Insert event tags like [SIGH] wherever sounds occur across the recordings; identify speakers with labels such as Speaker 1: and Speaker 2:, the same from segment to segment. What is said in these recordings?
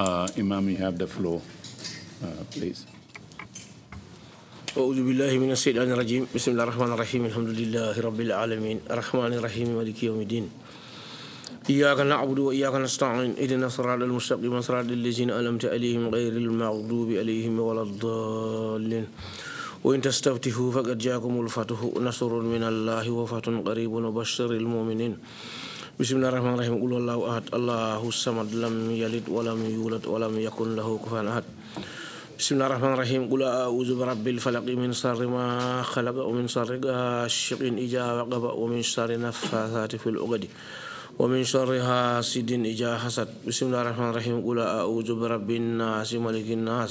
Speaker 1: Uh, Imam, you have the floor, uh, please.
Speaker 2: أعوذ بالله من الشيطان الرجيم بسم الله الرحمن الرحيم الحمد لله رب العالمين الرحمن الرحيم مالك يوم الدين إياك نعبد وإياك نستعين إذن الصراط المستقيم صراط الذين ألمت عليهم غير المغضوب عليهم ولا الضالين وإن تستفتحوا فقد جاكم الفتح نصر من الله وفتح قريب وبشر المؤمنين بسم الله الرحمن الرحيم قل الله أحد الله الصمد لم يلد ولم يولد ولم يكن له كفوا أحد بسم الله الرحمن الرحيم قل أعوذ برب الفلق من شر ما خلق ومن شر غاشق إذا وقب ومن شر النفاثات في العقد ومن شر حاسد إذا حسد بسم الله الرحمن الرحيم قل أعوذ برب الناس ملك الناس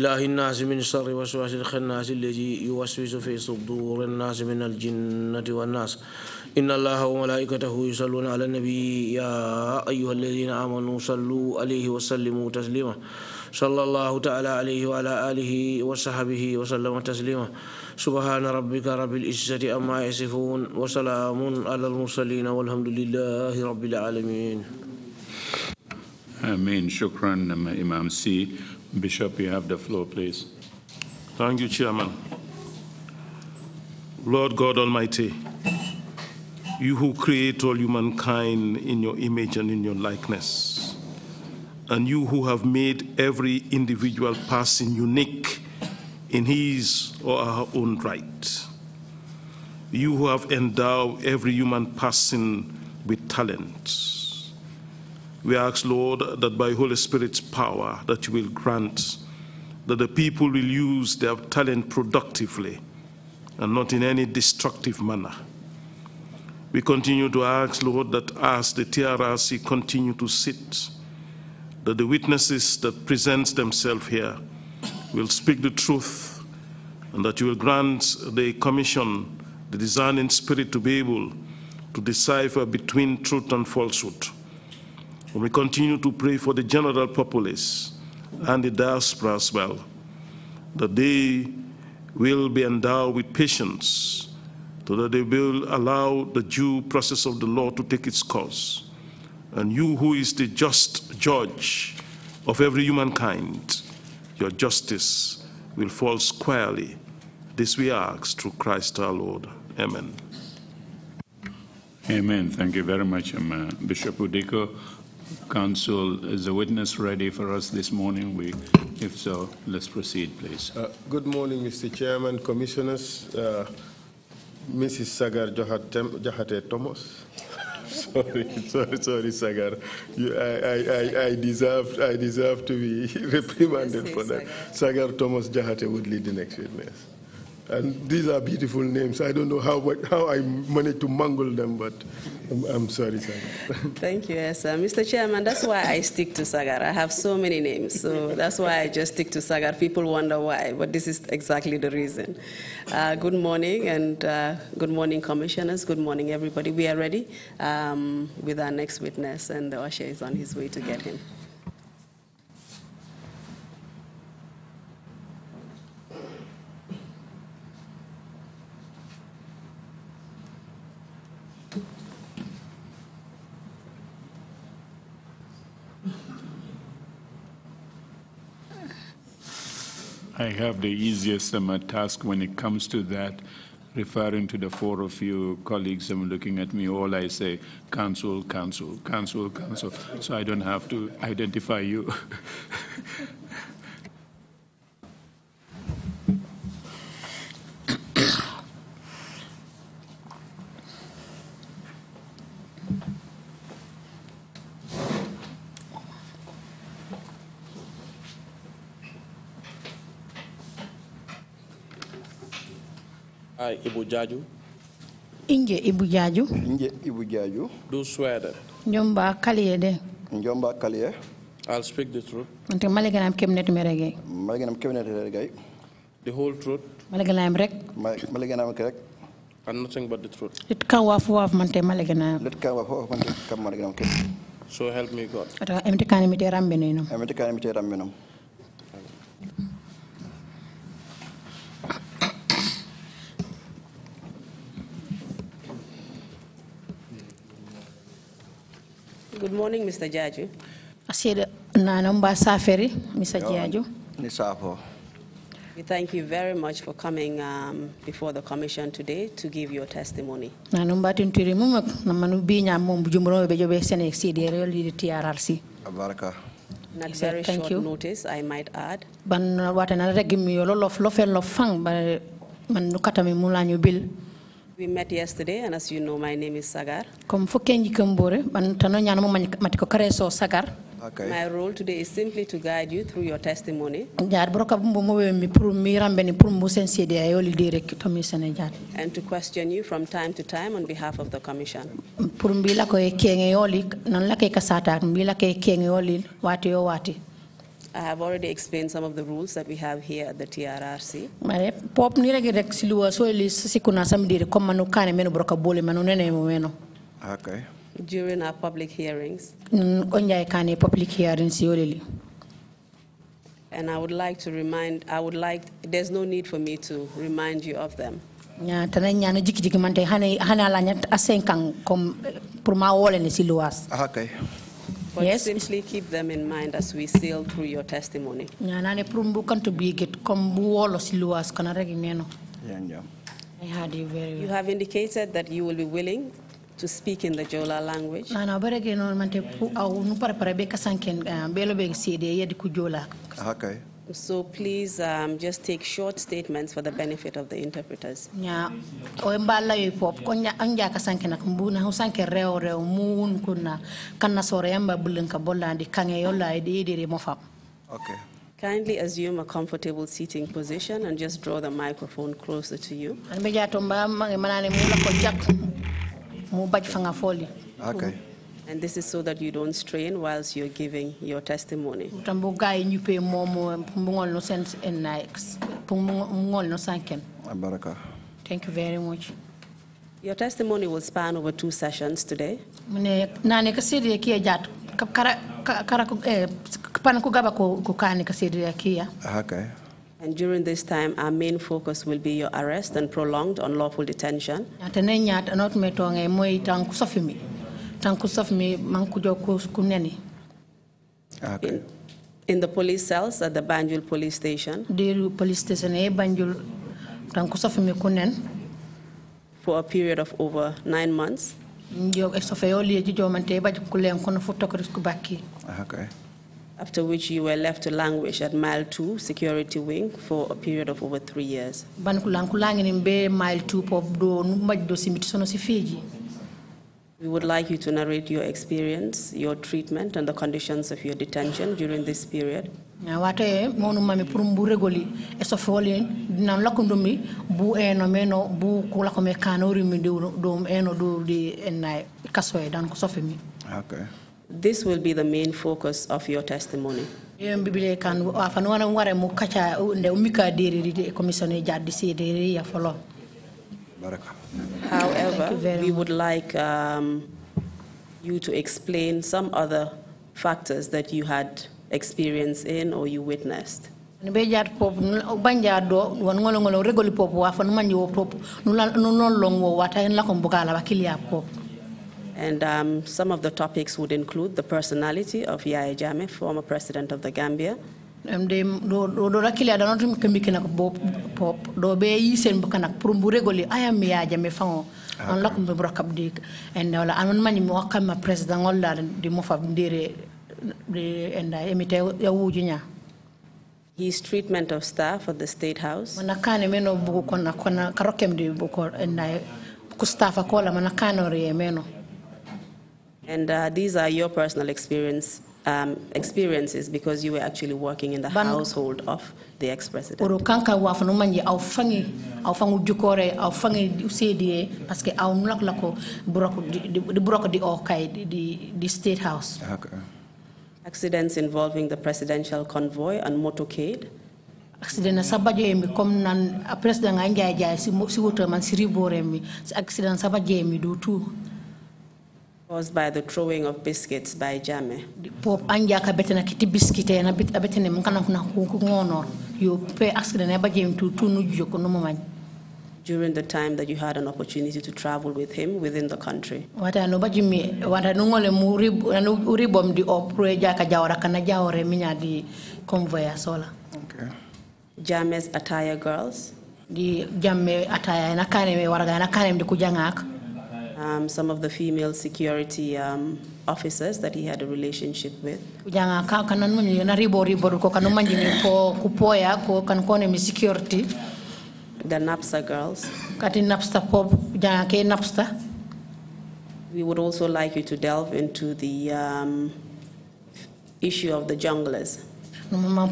Speaker 2: إله الناس من شر وسواس الخناس الذي يوسوس في صدور الناس من الجنة والناس إن الله وملائكته يصلون على النبي يا أيها الذين آمنوا صلوا عليه وسلموا تسليما صلى الله تعالى عليه وعلى آله وصحبه وسلم تسليما سبحان ربك رب العزة أما يصفون وسلام على المرسلين والحمد لله رب العالمين
Speaker 1: Amen. Shukran, Imam C. Bishop, you have the floor, please. Thank you, Chairman. Lord God Almighty, you who create all humankind in your image and in your likeness, and you who have made every individual person unique in his or her own right, you who have endowed every human person with talents. We ask, Lord, that by Holy Spirit's power that you will grant that the people will use their talent productively and not in any destructive manner we continue to ask, Lord, that as the TRRC continue to sit, that the witnesses that present themselves here will speak the truth and that you will grant the commission the discerning spirit to be able to decipher between truth and falsehood. And we continue to pray for the general populace and the diaspora as well, that they will be endowed with patience so that they will allow the due process of the law to take its course. And you, who is the just judge of every humankind, your justice will fall squarely. This we ask through Christ our Lord. Amen. Amen. Thank you very much, um, uh, Bishop Udiko. Council, is the witness ready for us this morning? We, if so, let's proceed, please. Uh, good morning, Mr. Chairman, Commissioners. Uh, Mrs. Sagar Jahate Thomas. [LAUGHS] sorry, sorry, sorry, Sagar. You, I, I, I, deserve, I deserve to be [LAUGHS] reprimanded for that. Sagar Thomas Jahate would lead the next witness. And these are beautiful names. I don't know how, how I managed to mangle them, but I'm, I'm sorry, sir. [LAUGHS]
Speaker 3: Thank you, yes, sir. Mr. Chairman, that's why I stick to Sagar. I have so many names, so that's why I just stick to Sagar. People wonder why, but this is exactly the reason. Uh, good morning, and uh, good morning, commissioners. Good morning, everybody. We are ready um, with our next witness, and the usher is on his way to get him.
Speaker 1: I have the easiest um, uh, task when it comes to that. Referring to the four of you colleagues are um, looking at me, all I say, council, council, council, council, so I don't have to identify you. [LAUGHS]
Speaker 4: I, Ibu Jaju.
Speaker 5: Inje Ibu Jaju.
Speaker 4: Inje Ibu Jaju. Do swear that.
Speaker 5: Njomba kaliye de.
Speaker 4: Njomba kaliye. I'll speak the truth.
Speaker 5: Ante maliganam kemnet merege.
Speaker 4: Maliganam kemnet merege. The whole truth. Maliganam rek. Maliganam rek. And nothing but the truth.
Speaker 5: Let kan wafu waf
Speaker 4: mante maliganam. Let kan wafu waf mante kam maliganam So help me God. Ata emte kanimite rambe nenum. Emte kanimite rambe nenum.
Speaker 3: Good morning, Mr. Jaju. Asiede
Speaker 5: nanamba safari, Mr. Jaju.
Speaker 4: Nisapo. We
Speaker 3: thank you very much for coming um, before the commission today to give your testimony.
Speaker 5: Nanamba tunturi mumak namanu binya mum jumro bejobe sene exceed real TRRC.
Speaker 3: Abaraka. Not very thank short you. notice, I might add.
Speaker 5: Ban watana regim yo lo lof lofel lof ba man nukata mi mulanyu bill.
Speaker 3: We met yesterday, and as you know, my name is Sagar.
Speaker 5: Comme fukke njikambore, Tano nyanamu matiko kareso Sagar.
Speaker 3: Okay. My role today is simply to guide you through your testimony. And to question you from time to time on behalf of the Commission. I have already explained some of the rules that we have here at the TRRC.
Speaker 5: Mare pop ni rege rek silua so ili sisi kuna samdiri kama nukane meno broka bole meno nene meno.
Speaker 4: Okay.
Speaker 3: During our public hearings.
Speaker 5: Onja kane public hearings yoleli.
Speaker 3: And I would like to remind, I would like, there's no need for me to remind you of them.
Speaker 5: Yeah, tana nyana jiki jiki mante hane hane alanya asenkang kom purma wole ni siluas.
Speaker 3: Okay. But yes. simply keep them in mind as we sail through your testimony.
Speaker 5: siluas I
Speaker 3: you very You have indicated that you will be willing to speak in the Jola language.
Speaker 5: pu au para beka sanken eh, belo yedi
Speaker 3: Okay. So please um, just take short statements for the benefit of the interpreters.
Speaker 5: Yeah. O mbala yo pop konya anja kasanke na kumbuna husanke reo reo muun kuna kana sore yamba bulinka ndi kange yola idi idire mofa.
Speaker 3: Okay. Kindly assume a comfortable seating position and just draw the microphone closer to you. Okay. And this is so that you don't strain whilst you're giving your testimony.
Speaker 5: Thank
Speaker 3: you very much. Your testimony will span over two sessions today. Okay. Eh, eh? And during this time, our main focus will be your arrest and prolonged unlawful detention
Speaker 5: tan ku saf mi man ku jow ku neni
Speaker 3: ah, in, the police cells at the banjul police station
Speaker 5: diru police station e banjul tan ku saf mi ku nen
Speaker 3: for a period of over 9 months
Speaker 5: jow eh, so eh, fe yo li jow man te ku len kono fu tok risku bakki
Speaker 3: ah, okay after which you were left to languish at Mile 2 Security Wing for a period of over three years.
Speaker 5: Bankulankulangi nimbe Mile 2 pop do numba do simitisono sifiji.
Speaker 3: We would like you to narrate your experience, your treatment, and the conditions of your detention during this period.
Speaker 5: Okay.
Speaker 3: This will be the main focus of your testimony. However, we would like um, you to explain some other factors that you had experience in or you witnessed. And um, some of the topics would include the personality of Yaya Jammeh, former president of the Gambia,
Speaker 5: ɗe ɗo ɗo rakkileaɗa noon tomi kambi kanak bo pop ɗo ɓe yisen bo kanak pour mbo régoli ayam mi yaaja mi fan ah, o on lakko mbi rokkab di ende wala anon mañi mi hokkanma président ngollaɗe di mofab ndiri ɗi enda emite yawuji ña
Speaker 3: his treatment of staff at the state house mana
Speaker 5: kane men o bugu kona kona karokem di bugu ko enda ko staff akola mana kanori e
Speaker 3: meno and uh, these are your personal experience um, experiences because you were actually working in the Ban household of the ex-president. Oro
Speaker 5: wa fanu au fangi au fangu jukore au fangi usedi parce au nulak lako burako di burako di okai state house.
Speaker 3: Accidents involving the presidential convoy and motorcade.
Speaker 5: accident na sabajo yemi comme nan president nga njaya jaya si si woto man si mi accident sabajo mi do tout
Speaker 3: caused by the throwing of biscuits by Jame.
Speaker 5: anja biscuit
Speaker 3: During the time that you had an opportunity to travel with him within the country.
Speaker 5: murib uribom convoy Okay.
Speaker 3: Jame's attire girls.
Speaker 5: Jame attire kujangak
Speaker 3: um, some of the female security um, officers that he had a relationship with.
Speaker 5: kanan kupoya kan security.
Speaker 3: The Napster girls.
Speaker 5: Napster pop Napster.
Speaker 3: We would also like you to delve into the um, issue of the junglers.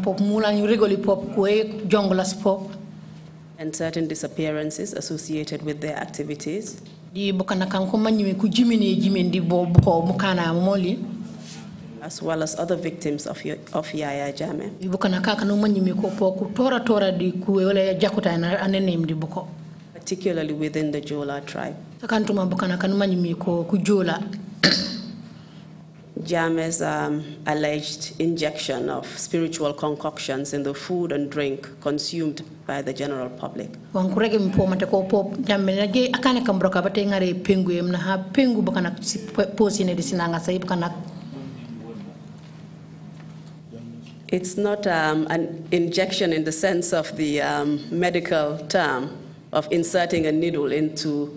Speaker 3: pop mula ni pop pop. And certain disappearances associated with their activities.
Speaker 5: di bukana kanko manyime ku jimine jimen di bo ko mukana moli
Speaker 3: as well as other victims of of Yaya Jame di
Speaker 5: bukana kaka no manyime ko po ku tora tora di ku wala jakuta na
Speaker 3: anenem di buko particularly within the Jola tribe
Speaker 5: takantuma bukana
Speaker 3: kan manyime ko ku Jola Jammeh's um, alleged injection of spiritual concoctions in the food and drink consumed by the general public.
Speaker 5: kambroka ha
Speaker 3: It's not um, an injection in the sense of the um, medical term of inserting a needle into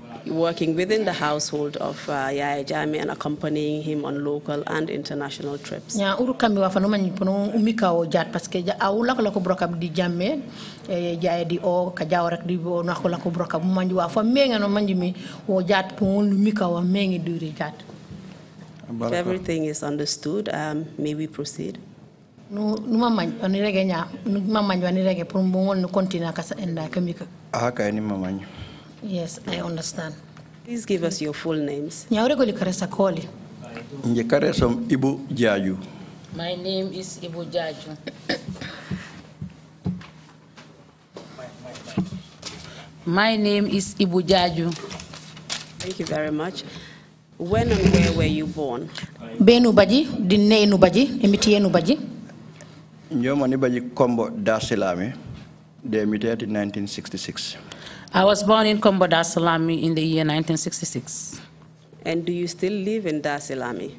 Speaker 3: working within the household of uh, Yaya Jami and accompanying him on local and international trips.
Speaker 5: Ya uru kambi wa fanuma nyipono umika o jat paske ja awula ko lako brokab di jamme e eh, jaye di o ka jaw di bo na ko lako brokab manji wa fa menga no manji mi o jat pon umika wa mengi duri jat.
Speaker 3: If everything is understood, um, may we proceed.
Speaker 5: No, numa mañ oni rege ña numa mañ wani rege pour mbongol nu continue kasa enda kamika
Speaker 4: aka ni mamañ
Speaker 3: Yes, I understand. Please give us your full names. Nyauregoli Karesa Koli.
Speaker 4: Ibu Jaju.
Speaker 6: My name is Ibu Jaju. My name is Ibu Jaju.
Speaker 3: Thank you very much. When and where were you born?
Speaker 5: Benu Baji, Dinne Nubaji, Emiti Nubaji.
Speaker 4: Nyoma Nibaji Kombo Dasilami. They imitated 1966.
Speaker 6: I was born in Kombo Dar Salami in the year 1966. And do you still live in Dar Salami?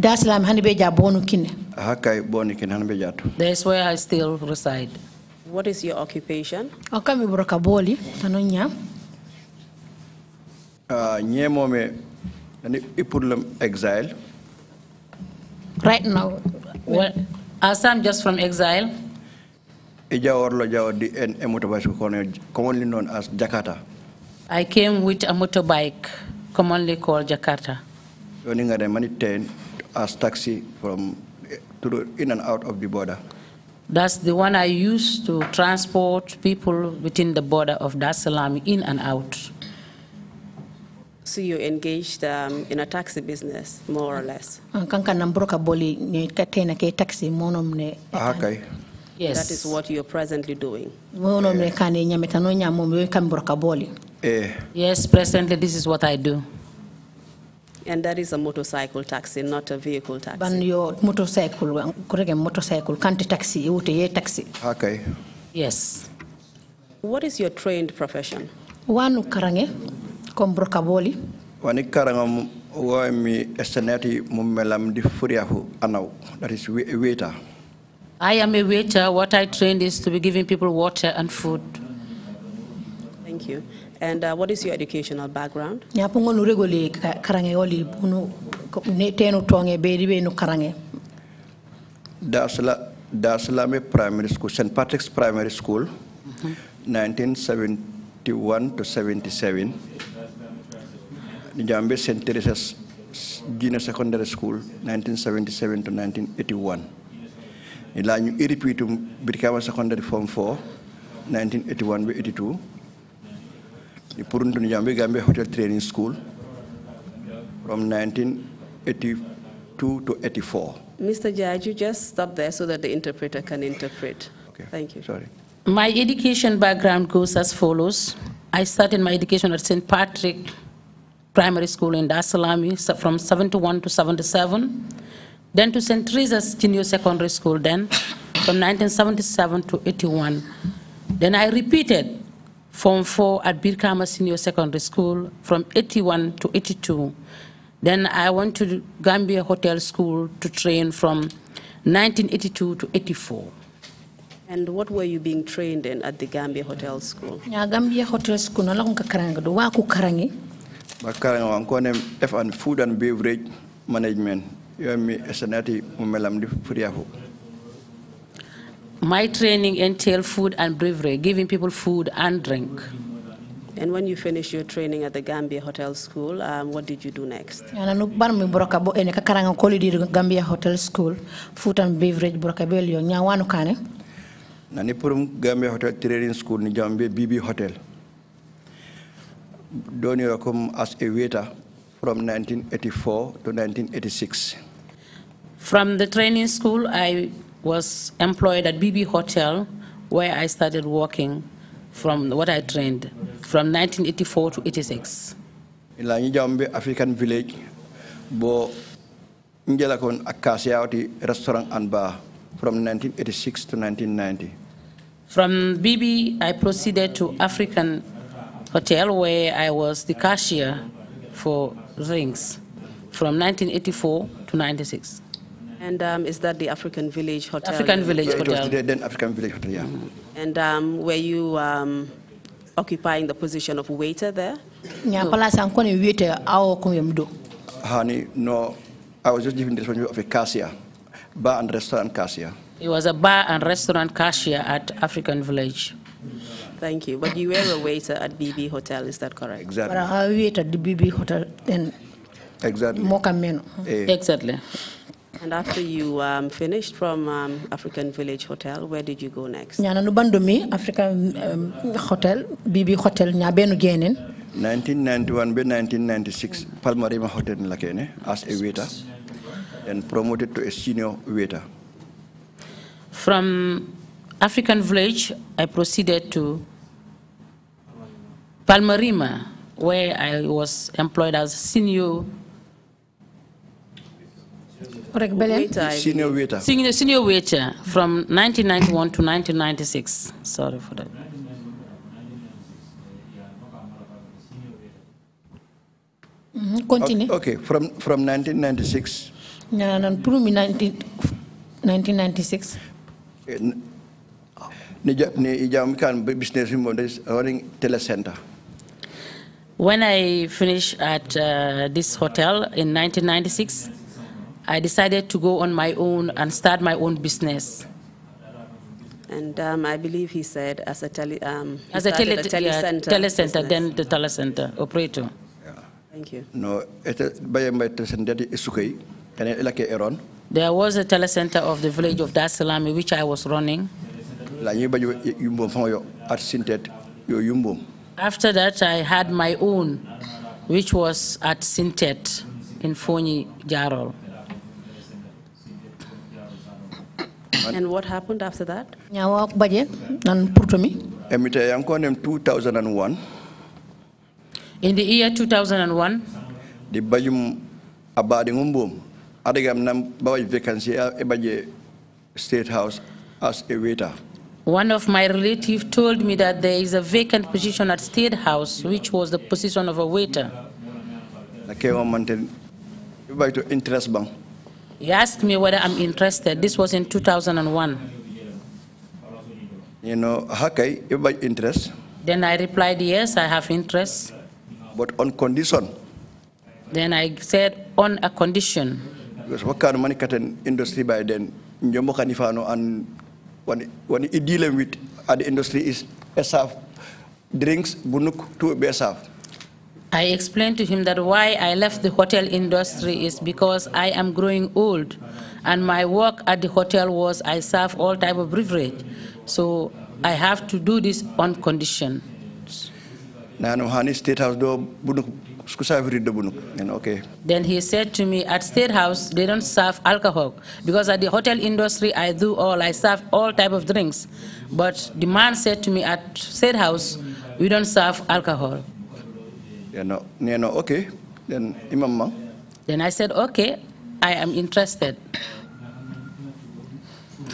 Speaker 5: Dar Salami hanibeja bonukine.
Speaker 4: Hakai bonikine hanibejato.
Speaker 5: That's where I still
Speaker 4: reside.
Speaker 3: What is your occupation?
Speaker 5: Akami broka boli tanonya.
Speaker 4: Ah, Nyemo me ani ipurlam exile.
Speaker 6: Right now, well, as I'm just from exile
Speaker 4: en motorbike commonly known as Jakarta.
Speaker 6: I came with a motorbike commonly called Jakarta.
Speaker 4: Running at a money as taxi from to in and out of the border.
Speaker 6: That's the one I use to transport people within the border of Dar Salaam in and out.
Speaker 3: So you engaged um, in a taxi business, more or less?
Speaker 5: Ah, kanka boli katena ke taxi monom ne.
Speaker 4: Ah,
Speaker 3: Yes. That is what you're presently doing.
Speaker 5: Yes.
Speaker 3: Eh. yes, presently this is what I do. And that is a motorcycle taxi, not a vehicle taxi.
Speaker 5: Ban your motorcycle, kurege motorcycle, kanti taxi, ute ye taxi. Okay. Yes. What
Speaker 3: is your trained
Speaker 4: profession?
Speaker 5: Wanu karange, kombrokaboli.
Speaker 4: Wani karangam wami esenati mumelam di furiahu anau. That is waiter.
Speaker 6: I am a waiter. What I trained is to be giving people water and food.
Speaker 3: Thank you. And uh, what is your educational background?
Speaker 6: Dasla,
Speaker 4: me Primary School, St. Patrick's Primary School, mm -hmm. 1971 to 77. Njambe St. Teresa's Junior Secondary School, 1977 to 1981 ila ñu to Birkawa Secondary Form 4 1981 be 82 the Puruntun Jambi Gambia Hotel Training School from 1982 to 84.
Speaker 3: Mr. Jaj, you just stop there so that the interpreter can interpret. Okay. Thank you. Sorry.
Speaker 4: My
Speaker 6: education background goes as follows. I started my education at St. Patrick Primary School in Dar from 71 to 77. Then to St. Teresa's Junior Secondary School then, from 1977 to 81. Then I repeated Form 4 at Birkama Senior Secondary School from 81 to 82. Then I went to Gambia Hotel School to train from 1982
Speaker 4: to 84.
Speaker 3: And what were you being trained in at the Gambia Hotel School? Yeah,
Speaker 5: Gambia Hotel School. No lang kakarang do wa ku karangi.
Speaker 4: Ba karangi ang F and food and beverage management my
Speaker 6: training entailed food and bravery, giving people food and drink.
Speaker 3: And when you finished your training at the Gambia Hotel School, um, what did you do next?
Speaker 5: Eh, Gambia Hotel School, food and beverage brokabelio nyawanu kane.
Speaker 4: Nani purum Gambia Hotel Training School the Gambia BB Hotel. Doni rakum as a waiter from 1984 to 1986.
Speaker 6: From the training school, I was employed at BB Hotel, where I started working from what I trained from 1984 to 86.
Speaker 4: Ilanyijambe African Village, bo njelakon akasiauti restaurant and bar from 1986 to 1990.
Speaker 6: From BB, I proceeded to African Hotel, where I was the cashier for drinks from 1984 to 96.
Speaker 3: And um, is that the African Village Hotel? African Village yeah, Hotel. The,
Speaker 4: then African Village Hotel, yeah. Mm-hmm.
Speaker 3: And um, were you um, occupying the position of waiter there? Honey,
Speaker 4: no. I was just given the responsibility of a cashier, bar and restaurant cashier.
Speaker 6: It was a bar and restaurant cashier at African Village. Thank you. But you were
Speaker 3: a waiter at BB Hotel, is that correct? Exactly. But
Speaker 6: I waited at the BB Hotel then.
Speaker 3: Exactly.
Speaker 5: Eh. Exactly.
Speaker 3: And after you um, finished from um,
Speaker 4: African Village Hotel, where did you go next?
Speaker 5: ñana nu African um, Hotel BB Hotel ña benu
Speaker 4: 1991 to 1996 Palmarima Hotel la kene as a waiter and promoted to a senior waiter.
Speaker 6: From African Village, I proceeded to Palmarima, where I was employed as senior senior waiter. Senior, senior waiter from 1991 to 1996. Sorry for that. Mm -hmm. Continue. Okay,
Speaker 4: from, from 1996.
Speaker 5: No, no, prove me 1996.
Speaker 4: Eh, business running telecenter.
Speaker 6: When I finished at uh, this hotel in 1996, I decided to go on my own and start my own business.
Speaker 3: And um, I believe he said as a tele, um, as a tele, a telecenter, yeah, then
Speaker 6: the center operator.
Speaker 4: Thank you. No, there was
Speaker 6: a telecenter of the village of Dasalami which I was running. After that, I had my own, which was at Sintet in Foni Jarol. And, what happened after that?
Speaker 5: Nyawa baje nan purtumi.
Speaker 4: Emite yankonem 2001.
Speaker 6: In the year 2001.
Speaker 4: The bayum abadi ngumbum. Adigam nam bawaj vacancy uh, ebaje state house as a waiter.
Speaker 6: One of my relatives told me that there is a vacant position at State House, which was the position of a waiter.
Speaker 4: I came to interest bank.
Speaker 6: He asked me whether I'm interested. This was in 2001.
Speaker 4: You know, Hakai, you have interest?
Speaker 6: Then I replied, yes, I have interest.
Speaker 4: But on condition?
Speaker 6: Then I said,
Speaker 4: on a condition. Because what kind of money can industry by then? Njomo Kanifano and when, when you dealing with other the industry is SF drinks bunuk to be
Speaker 6: I explained to him that why I left the hotel industry is because I am growing old and my work at the hotel was I serve all type of beverage. So I have to do this on condition. Then he said to me at state house they don't serve alcohol because at the hotel industry I do all I serve all type of drinks. But the man said to me at state house we don't serve alcohol.
Speaker 4: You know, okay. Then Imam Mang.
Speaker 6: Then I said, okay, I am interested.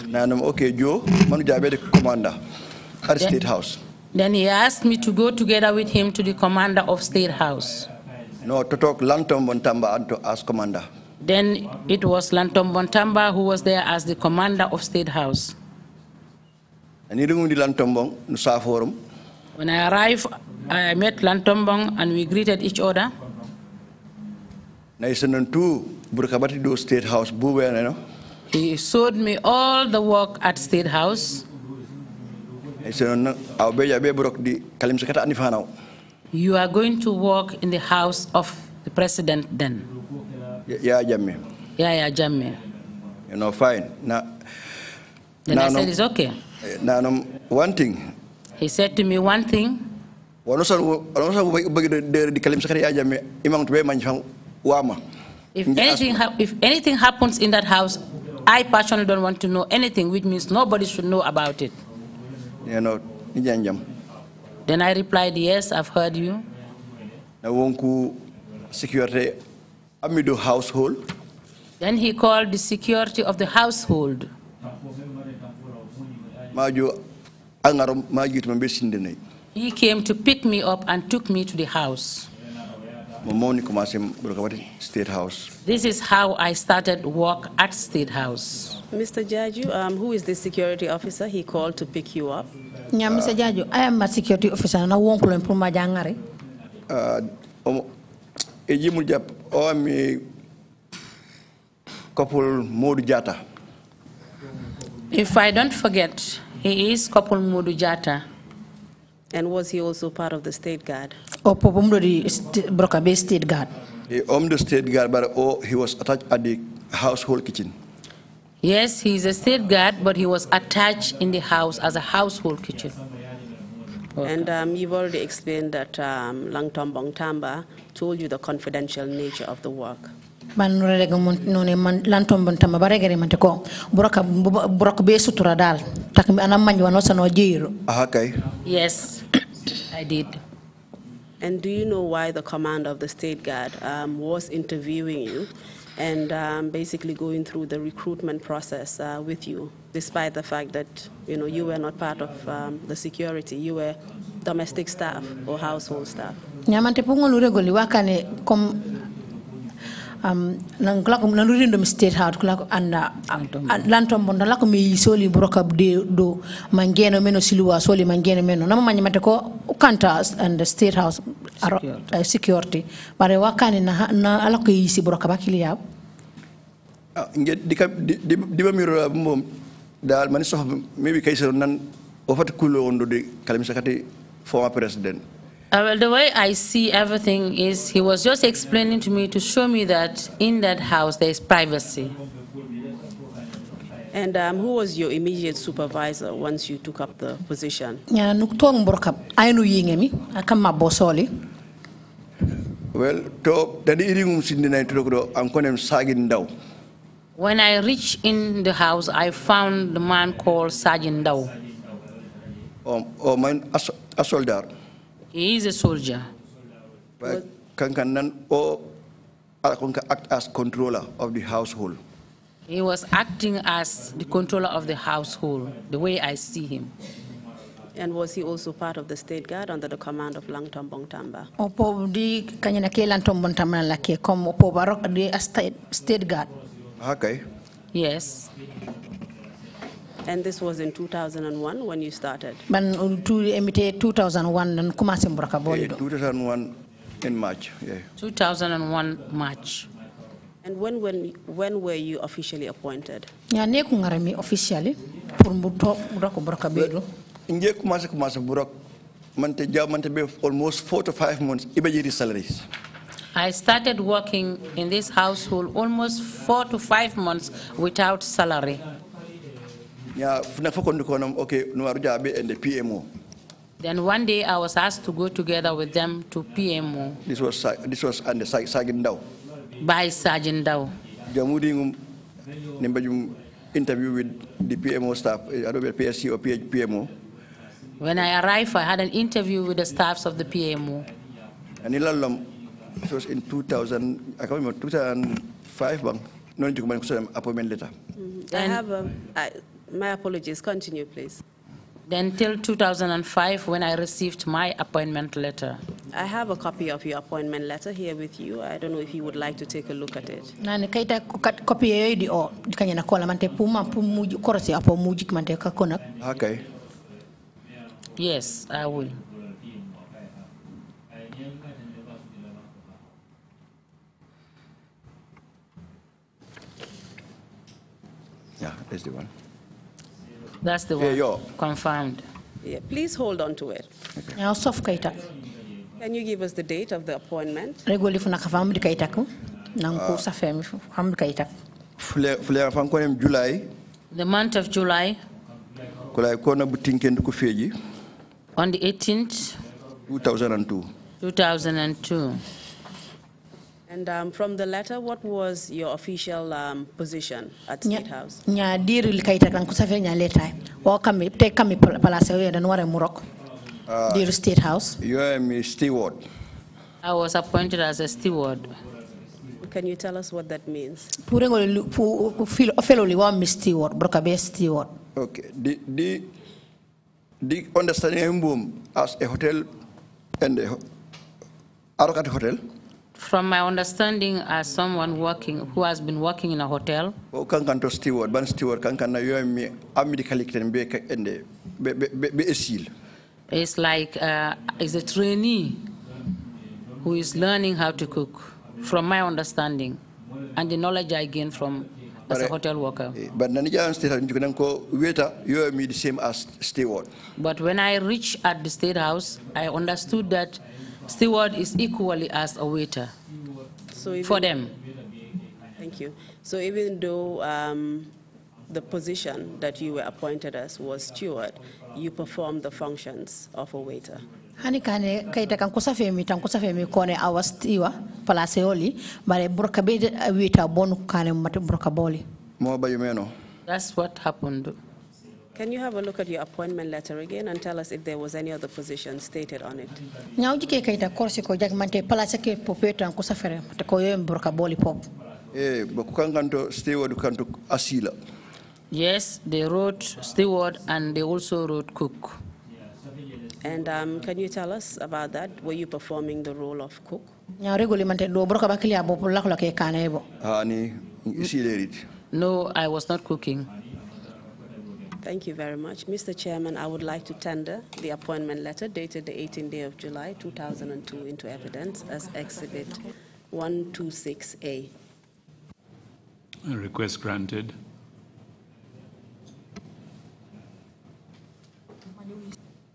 Speaker 4: Nanam, okay, Joe, Manu Jabe, the commander at then, State House.
Speaker 6: Then he asked me to go together with him to the commander of State House.
Speaker 4: No, to talk Lantom Bontamba and to ask commander.
Speaker 6: Then it was Lantom Bontamba who was there as the commander of State House.
Speaker 4: And you don't Lantombong, Nusaforum.
Speaker 6: When I arrived, I met Lantombong and we greeted each other.
Speaker 4: you State House. He showed me all the work at State House. You
Speaker 6: are going to work in the house of the president then.
Speaker 4: Yeah, yeah, Jamme.
Speaker 6: Yeah, yeah, Jamme.
Speaker 4: You know, fine. Now, then now, I said, it's okay. Now, one thing,
Speaker 6: he said to me one thing.
Speaker 4: If anything,
Speaker 6: if anything happens in that house, I personally don't want to know anything, which means nobody should know about it. Then I replied, Yes, I've heard you.
Speaker 4: Security Amido household.
Speaker 6: Then he called the security of the household.
Speaker 4: Maju he
Speaker 6: came to pick me up and took me to the house.
Speaker 4: State House.
Speaker 6: This is how I started work at State House.
Speaker 3: Mr. Jaju, um, who is the security officer he called to pick you up?
Speaker 5: Yeah, Mr. Jaju, I am a security officer and I won't pull him from my jangari.
Speaker 4: Uh,
Speaker 6: if I don't forget, he is Kopul Mudu Jata. And was he
Speaker 3: also
Speaker 5: part of the State Guard? State Guard.
Speaker 4: He owned the State Guard, but oh, he was attached at the household kitchen.
Speaker 6: Yes, he is a State Guard, but he was attached in the house as a household kitchen. And
Speaker 3: um, you've already explained that um, Bong Tamba told you the confidential nature of the work
Speaker 5: man none man ko broka brok be sutura dal tak mi anam sano
Speaker 6: yes i
Speaker 3: did and do you know why the commander of the state guard um, was interviewing you and um, basically going through the recruitment process uh, with you despite the fact that you know you were not part of um, the security you were domestic staff or household staff
Speaker 5: nyamante wakane kom nan kala ko nan lurin dum state house kala ko anda lantom bon dala ko mi soli broka de do mangeno meno siluwa soli mangeno meno nama manya mate ko kanta and the state house security, uh, security. bare wakani na, na ala ko yisi broka bakili ya
Speaker 4: ah, diba miro ah, mom dal mani sohbe maybe kaysero nan o fat kulo wondo de kalam sakati former president
Speaker 6: Uh, the way I see everything is he was just explaining to me to show me that in that house there is privacy.
Speaker 3: And um, who was your immediate supervisor once you took up the position?
Speaker 6: Well, to konem When I reached in the house, I found the man called Sergeant Dow.
Speaker 4: Oh, oh, man, a, a soldier.
Speaker 6: He is a soldier.
Speaker 4: But can can or act as controller of the household.
Speaker 6: He was acting as the controller of the
Speaker 3: household, the way I see him. And was he also part of the state guard under the command of Langton Bongtamba?
Speaker 5: Opo di kanyana ke Langton Bongtamba lake kom opo barok di state guard.
Speaker 6: Okay. Yes.
Speaker 3: And this was in 2001 when you started?
Speaker 5: Ban uh, 2001
Speaker 4: 2001 in March. Yeah.
Speaker 6: 2001 March.
Speaker 3: And when, when, when were you officially appointed?
Speaker 5: Ya ne kungarami officially
Speaker 6: pour mbuto mbraka mbraka
Speaker 3: bedo.
Speaker 4: Nge kumasi kumasi mbraka mante jaw mante be almost 4 to 5 months ibe salaries.
Speaker 6: I started working in this household almost 4 to 5 months without salary.
Speaker 4: Then
Speaker 6: one day I was asked to go together with them to PMO.
Speaker 4: This was this was under Sergeant Dow.
Speaker 6: By Sergeant Dow.
Speaker 4: interview with the PMO staff, either eh, do PSC or PMO.
Speaker 6: When I arrived, I had an interview with the staffs of the PMO.
Speaker 4: And it was in 2000, I can't remember, 2005, bang. No, you can appointment letter.
Speaker 6: Mm-hmm. I have a, um, I, my apologies. Continue, please. Then 2005, when I received my appointment letter.
Speaker 3: I have a copy of your appointment letter here with you. I don't know if you would like to take a look
Speaker 6: at it.
Speaker 5: copy kanya puma korosi
Speaker 6: Okay. Yes, I will.
Speaker 4: Yeah, that's the one.
Speaker 3: That's the one. Yeah, Confirmed. Yeah, please hold on to it. Sof Kaita. Can you give us the date of the appointment?
Speaker 5: Regoli funa kafamu di kaita ko. Nangu ah.
Speaker 6: safemi kafamu kaita.
Speaker 4: Fule fule fankonem July.
Speaker 6: The month of July.
Speaker 4: Kula Kulai kona butinkendi kufiji.
Speaker 6: On the 18th.
Speaker 4: 2002.
Speaker 6: 2002. And um, from the letter, what
Speaker 3: was your official um, position at State House?
Speaker 5: Nya diru likaita kan kusafe nya letter. Wa kami te kami palase yo dan murok.
Speaker 6: Uh, diru State House. You are a steward. I was appointed as a steward. Can you tell us what that means?
Speaker 5: Purengol pu feel fellow liwa steward broka be steward.
Speaker 4: Okay. di di the understanding as a hotel and a Arakat hotel.
Speaker 6: From my understanding, as uh, someone working who has been working in a hotel,
Speaker 4: oh, steward ban steward
Speaker 6: it's like uh, is a trainee who is learning how to cook from my understanding and the knowledge I gain from as a hotel worker. Eh,
Speaker 4: but the same as steward.
Speaker 6: But when I reached at the state house, I understood that Steward is equally as a waiter so even, for them.
Speaker 3: Thank you. So even though um, the position that you were appointed as was steward, you performed the functions of a waiter.
Speaker 5: hani kani kaita kan kusa femi tan kusa femi kone awas tiwa place oli bare burka be uh, wita bonu kane mata burka boli
Speaker 4: mo bayumeno
Speaker 6: that's what happened
Speaker 3: can you have a look at your appointment letter again and tell us if there was any other position stated on it?
Speaker 5: Eh,
Speaker 4: steward asila.
Speaker 6: Yes, they wrote steward and they also wrote cook. And
Speaker 3: um, can you tell us about that? Were you performing the role of cook?
Speaker 5: Nyaw regoli mante do burka bakili ke
Speaker 6: No, I was not cooking.
Speaker 3: Thank you very much. Mr. Chairman, I would like to tender the appointment letter dated the 18th day of July 2002 into evidence as Exhibit 126A.
Speaker 1: A request granted.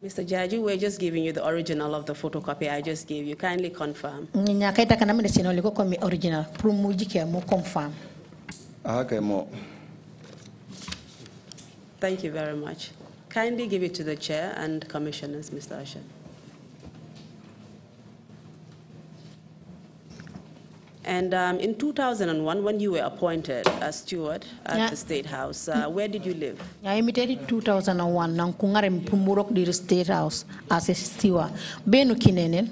Speaker 3: Mr. Jaju, we're just giving you the original of the photocopy I just gave you. Kindly confirm.
Speaker 5: kana original. Prumuji confirm.
Speaker 4: okay,
Speaker 3: Thank you very much. Kindly give it to the Chair and Commissioners, Mr. Asher. And um, in 2001, when you were appointed as steward at yeah. the State House, uh, mm. where did you live? I immediately
Speaker 5: 2001, nangkungare mpumurok di State House as a steward. Benu
Speaker 6: kinenen?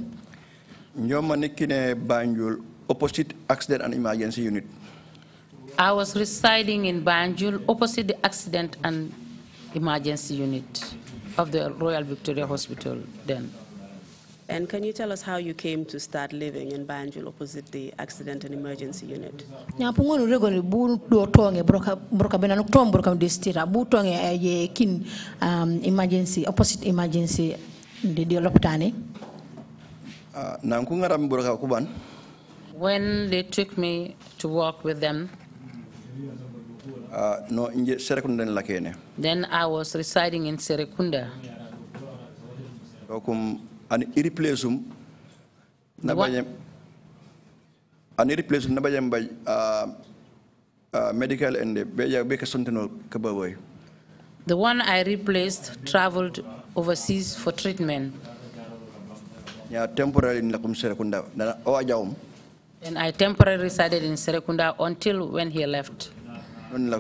Speaker 4: Nyoma nikine Banjul, opposite accident and emergency unit.
Speaker 6: I was residing in Banjul, opposite the accident and emergency unit of the Royal Victoria Hospital then.
Speaker 3: And can you tell us how you came to start living in Banjul opposite the accident and emergency unit?
Speaker 5: do tonge destira bu tonge emergency opposite emergency the
Speaker 4: ah, When they took me to
Speaker 6: work with them,
Speaker 4: uh, no Serekunda lakene.
Speaker 6: Then I was residing in Serekunda.
Speaker 4: an irreplaceum na bayem an irreplaceum na bayem bay uh, uh, medical and beja beka kababoy.
Speaker 6: The one I replaced traveled overseas for treatment.
Speaker 4: Ya in lakum Serekunda
Speaker 6: And I temporarily resided in Serekunda until when he left. And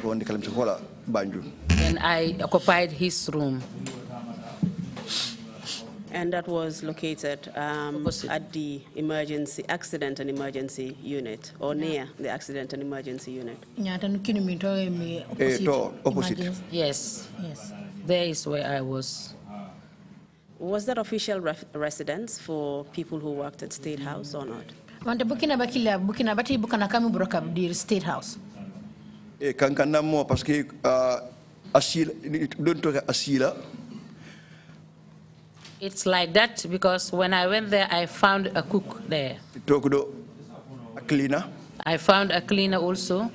Speaker 6: I occupied his room.
Speaker 3: And that was located um, at the emergency accident and emergency unit, or near the accident and emergency unit.
Speaker 5: Eh, opposite.
Speaker 3: Yes, yes. There is where I was. Was that official residence for people who worked at State House or not?
Speaker 5: Bati Kami
Speaker 6: State House
Speaker 4: e que asila asila
Speaker 6: It's like that because when I went there, I found a cook there.
Speaker 4: a ah, cleaner.
Speaker 6: I found a cleaner also.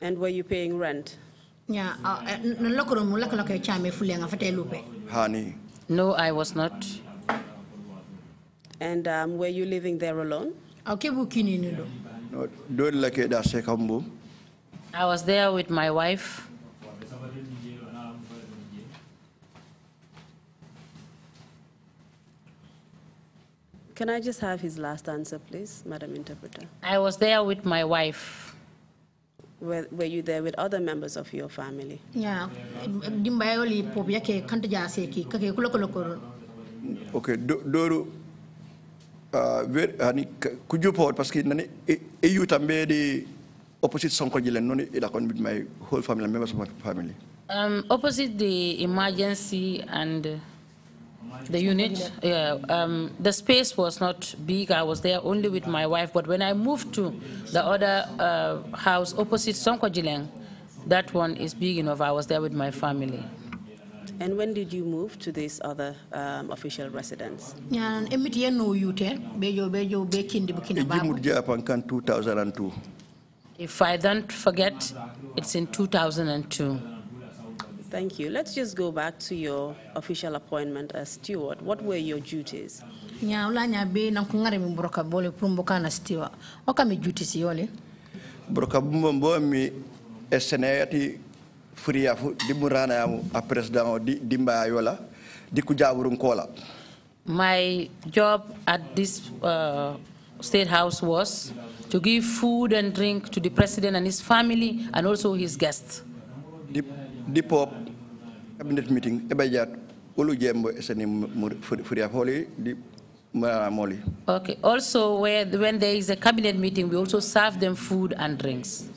Speaker 3: And were you paying rent?
Speaker 5: Yeah. Eh, no, I was not.
Speaker 3: And um, were you living there alone? I
Speaker 6: was there with my wife.
Speaker 3: Can I just have his last answer, please, Madam Interpreter?
Speaker 6: I was there with my
Speaker 3: wife. Were, were you there with other members of your family? Yeah.
Speaker 5: Okay.
Speaker 4: do, hani uh, uh, kuju power paski nani EU tambe di opposite sonko jilen noni ila kon with my whole family members of my family.
Speaker 6: Um, opposite the emergency and the unit, yeah, um, the space was not big. I was there only with my wife. But when I moved to the other uh, house opposite Sonko Jileng, that one is big enough. I was there with my family.
Speaker 3: And when did you move to this other um, official residence?
Speaker 5: Nyan emiti yute bejo bejo bukina
Speaker 4: apankan 2002.
Speaker 6: If I don't forget, it's in 2002.
Speaker 3: Thank you. Let's just go back to your official appointment as steward. What were your duties?
Speaker 5: Oka mi duties yole.
Speaker 4: mi firiyafu dimuranayamu a president o di dimbayola di kujaburunkola
Speaker 6: my job at this uh, state house was to give food and drink to the president and his family and also his guests
Speaker 4: the, the pop cabinet meeting ebayat ulu jembo eseni furiafoli di
Speaker 6: Okay. Also, where, when there is a cabinet meeting, we also serve them food and drinks.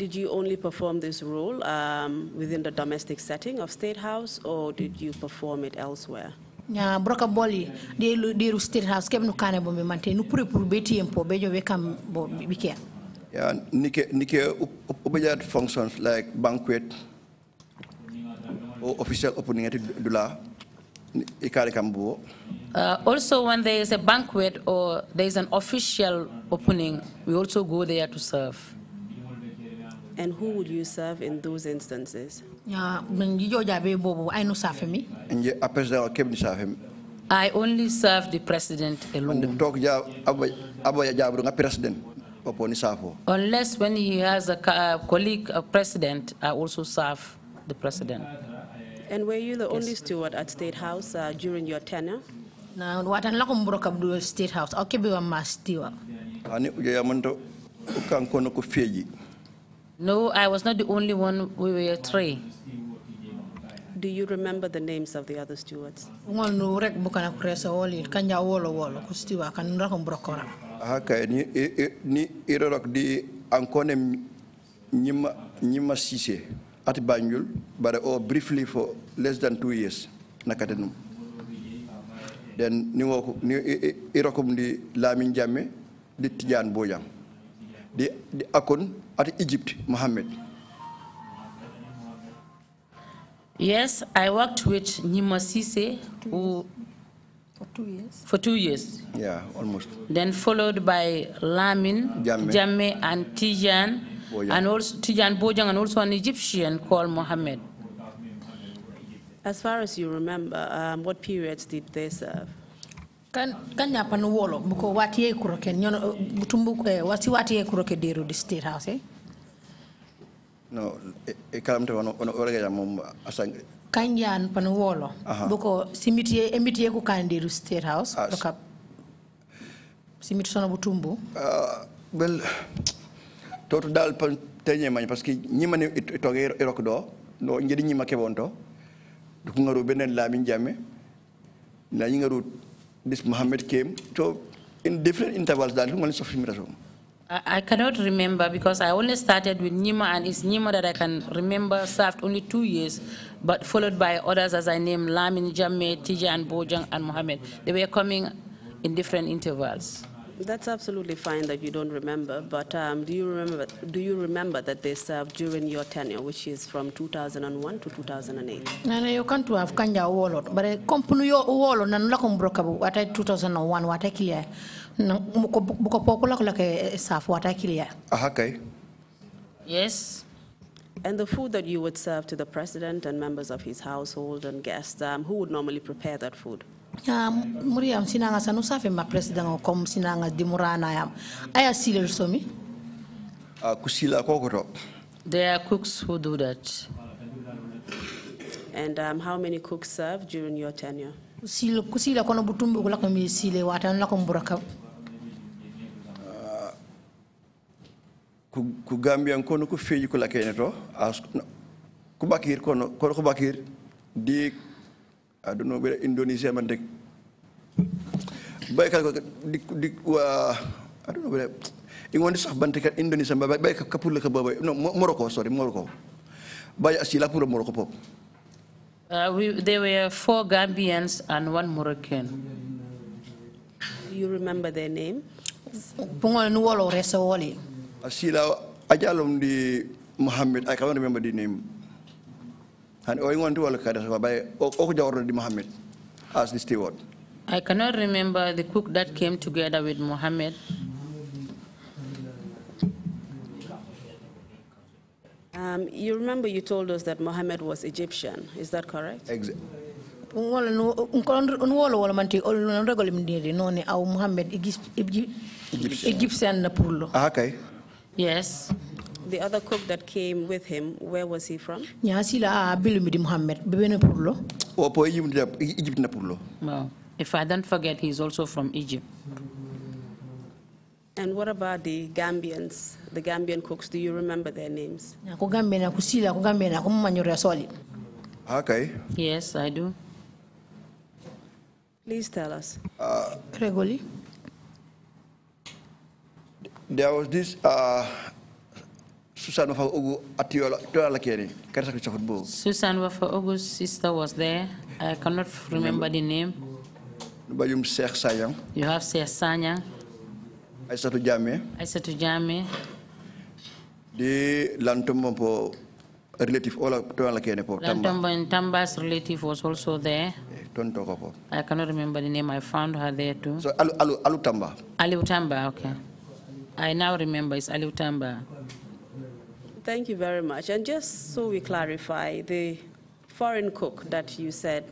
Speaker 3: did you only perform this role um, within the domestic setting of State House, or did you perform
Speaker 4: it elsewhere?
Speaker 5: ya broka boli de de state house kem no kane bo me mante no pure pour beti en po bejo we kam bo bikia
Speaker 4: ya nike nike obejat functions like banquet or official opening at dula ikare kam bo
Speaker 6: uh, also when there is a banquet or there is an official opening we also go there to serve and who
Speaker 3: would you serve in those instances?
Speaker 5: I
Speaker 6: only serve
Speaker 4: the president alone.
Speaker 6: Unless when he has a colleague, a president, I also serve the president. And were you the yes. only steward at
Speaker 3: State House uh, during your tenure?
Speaker 5: No, what I'm not going to State House. I'll keep you a
Speaker 3: steward. No, I was not the only one. We were three. Do you remember the names of the other stewards?
Speaker 5: Haka
Speaker 4: at Banjul but oh briefly for less than 2 years nakatenum. Then ni woko ni Lamin Jamme di Tidiane Bojang di Akon at Egypt, Mohammed?
Speaker 6: Yes, I worked with Nima Sise who, for two years. For two years.
Speaker 4: Yeah, almost.
Speaker 6: Then followed by Lamin, Jamme, and Tijan, and also Tijan Bojang, and also an Egyptian called Mohammed.
Speaker 3: As far as you remember, um, what periods did they serve?
Speaker 6: kan ya panu wolo bu ko watiye
Speaker 5: kuroken nyono tumbu e eh, wasi watiye kuroke dero di state house eh?
Speaker 4: no e, e kalam to wono wono wolega mo asang
Speaker 5: kan ya panu wolo bu ko simitiye emitiye ko kan dero state house to kap simit sono bu tumbu
Speaker 4: bel ah, toto dal pan tenye man parce que ni man itoge rok do no ngi ni makewonto du ko ngaru benen lamin jamme na ngi ngaru this Muhammad came. So in different intervals that
Speaker 6: I cannot remember because I only started with Nima and it's Nima that I can remember served only two years, but followed by others as I named Lamin, Jamme, Tija, and Bojang and Mohammed. They were coming in different intervals.
Speaker 3: That's absolutely fine that you don't remember, but um, do you remember do you remember that they served during your tenure, which is from 2001 to 2008?
Speaker 5: Nana uh, yo kantu af kanja wolot, bare kompunu yo wolo nan la brokabu watai 2001 watai kilia, buko buko pokola ke eh, saf watai kilia.
Speaker 4: Aha kai.
Speaker 6: Yes.
Speaker 3: And the food that you would serve to the president and members of his household and guests, um, who would normally prepare that food?
Speaker 5: Muriam sinanga sanu safe ma president o kom sinanga dimurana yam aya siler somi
Speaker 4: ah, kusila kogoro.
Speaker 5: there
Speaker 3: are cooks who do that and um, how many cooks serve during your tenure
Speaker 5: kusila kono butumbu kula ko mi sile watan la ko
Speaker 4: ku, Gambian kono ku feji ko lakene to as ku bakir kono kono ku bakir di aduno be indonesia man dek bay ka di di wa aduno be ingon sah bantikan indonesia bay bay pour le babay no morocco sorry morocco bay asila pour morocco pop
Speaker 6: uh, we, there were four Gambians and one Moroccan. You remember their name?
Speaker 4: Sila Ajalum di Muhammad, I can remember the name. And going on to Al Qaeda by Okjawar di Muhammad as the steward.
Speaker 6: I cannot remember the cook that came together with Muhammad.
Speaker 3: Um, you remember you told us that Muhammad was Egyptian, is that correct? Exactly.
Speaker 5: nwolo wala manti ol non regolim ndiri noni aw Muhammad Egyptian
Speaker 3: na pour ah, Okay. Yes. The other cook that came with him, where was he from?
Speaker 5: Nyasila ah,
Speaker 4: Egypt
Speaker 6: Well, if I don't forget, he's also from Egypt.
Speaker 3: And what about the Gambians, the Gambian cooks? Do you remember their names?
Speaker 4: Okay.
Speaker 5: Yes,
Speaker 3: I do. Please tell us. Uh, Regoli
Speaker 4: there was this uh, Susan Wafa Ogu at Tualakere, Karasakisha football.
Speaker 6: Susan Wafa Ogu's sister was there. I cannot remember the name.
Speaker 4: You have Sheikh Sanya.
Speaker 6: I have Sheikh jamie.
Speaker 4: I Jame.
Speaker 6: Aissatou jamie.
Speaker 4: The Lantombo relative, all Tualakere. Lantombo
Speaker 6: and Tamba's relative was also there. Eh, I cannot remember the name. I found her there too. So Alu,
Speaker 4: Alu, Alu Tamba.
Speaker 6: Alu Tamba, okay. Yeah. I now remember it's Aliu Tamba. Thank you very
Speaker 3: much. And just so we clarify, the foreign cook that you said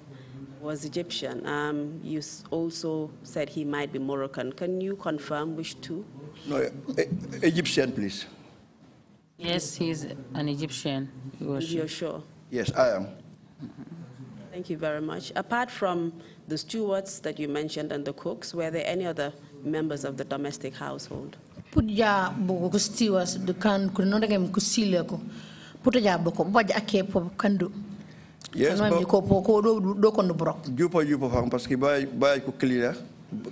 Speaker 3: was Egyptian, um, you also said he might be Moroccan. Can you confirm
Speaker 6: which two?
Speaker 4: No, e Egyptian, please.
Speaker 6: Yes, he's an
Speaker 4: Egyptian. You're sure? sure? Yes, I am.
Speaker 6: Thank you very much. Apart
Speaker 3: from the stewards that you mentioned and the cooks, were there any other members of the domestic household?
Speaker 5: puja boko ko stiwas do kan ko non daga ko sile ko puta ja boko baje akke pop kandu yes ba
Speaker 4: ko po ko do do ko brok jupa jupa fam parce que bay bay ko clear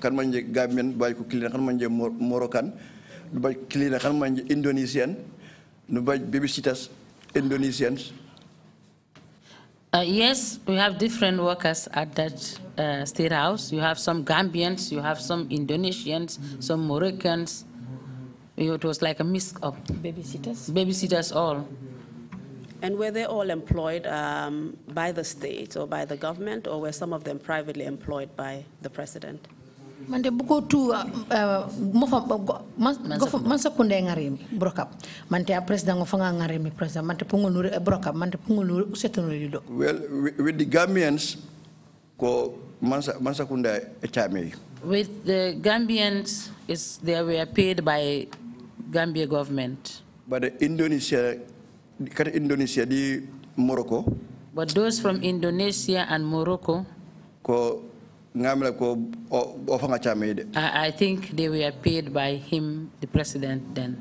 Speaker 4: kan man je gamen bay ko clear kan man je morokan du bay clear kan man je indonesian no bay babysitters indonesians
Speaker 6: uh, yes, we have different workers at that uh, state house. You have some Gambians, you have some Indonesians, mm -hmm. some Moroccans, it was like a mix of Babysitters? babysitters all.
Speaker 3: And were they all employed um, by the state or by the government, or were some of them privately employed by the president?
Speaker 5: mande buko tu uh, uh, mofa mansa kunde ngarimi brokap mante a president ngofa ngarimi president mante pungulu eh, brokap mante pungulu setunu lido
Speaker 4: well with the gambians ko mansa mansa kunde
Speaker 6: with the gambians is they were paid by Gambia government.
Speaker 4: But Indonesia, the Indonesia Morocco.
Speaker 6: But those from Indonesia and Morocco.
Speaker 4: Ko ngamla ko ofanga chamede.
Speaker 6: I think they were paid by him, the president then.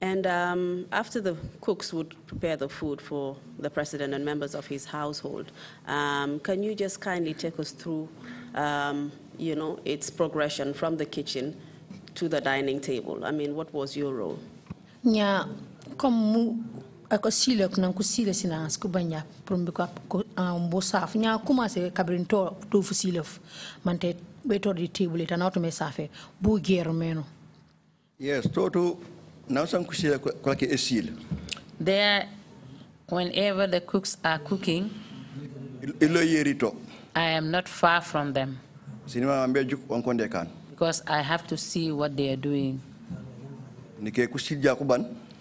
Speaker 6: And um, after
Speaker 3: the cooks would prepare the food for the president and members of his household, um, can you just kindly take us through, um, you know, its progression from the kitchen to the dining table? I mean, what was your role?
Speaker 5: Yeah, come ako silo, ko nang ko sila sina ko banya prum bi ko um, ah, bo saf nya commencé kabrin to to fu silaf man te be di table ta na to me safe
Speaker 6: bu meno
Speaker 4: yes toto to now some ko sila ko ke
Speaker 6: there whenever the cooks are cooking
Speaker 4: ilo yerito
Speaker 6: i am not far from them
Speaker 4: sinima ambe juk kan
Speaker 6: because I have to see what they are doing.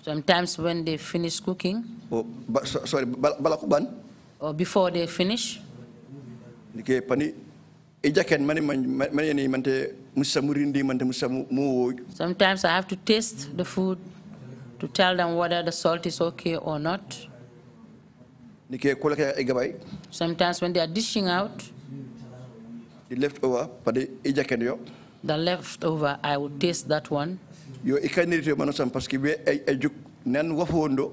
Speaker 6: Sometimes when they finish cooking,
Speaker 4: oh, ba, sorry, balakuban.
Speaker 6: or before they finish,
Speaker 4: sometimes
Speaker 6: I have to taste the food to tell them whether the salt is okay or not. Sometimes when they are dishing out,
Speaker 4: the leftover, but
Speaker 6: the leftover, I will taste that one.
Speaker 4: Yo ikanirito manasam paski be ejuk eh, eh, nan wafondo.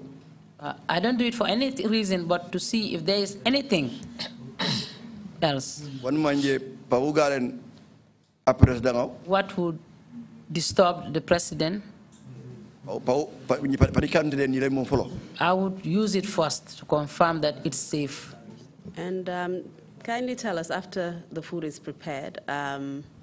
Speaker 6: Uh, I don't do it for any reason, but to see if there is anything
Speaker 4: else. One manje pawugaren a president.
Speaker 6: What would disturb the president? Oh, I would use it first to confirm that it's safe. And um,
Speaker 3: kindly tell us after the food is prepared. Um,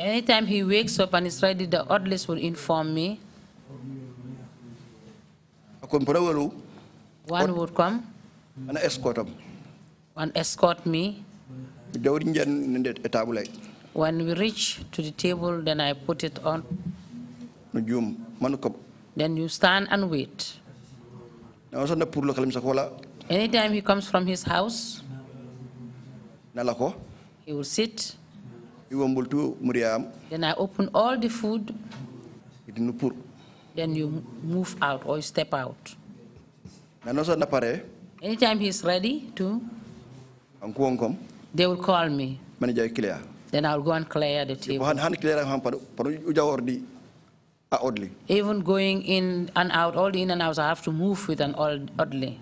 Speaker 6: Anytime he wakes up and is ready, the Odlis will inform me.
Speaker 4: One would come and escort him.
Speaker 6: And escort me. When we reach to the table, then I put it on.
Speaker 4: Then
Speaker 6: you stand and wait. Anytime he comes from his house, he will sit.
Speaker 4: Then
Speaker 6: I open all the food. Then you move
Speaker 4: out or step out. Anytime
Speaker 6: he's ready to. They will call me.
Speaker 4: Then
Speaker 6: I'll go and clear the table. Even going in and out, all in and out, I have to move with an oddly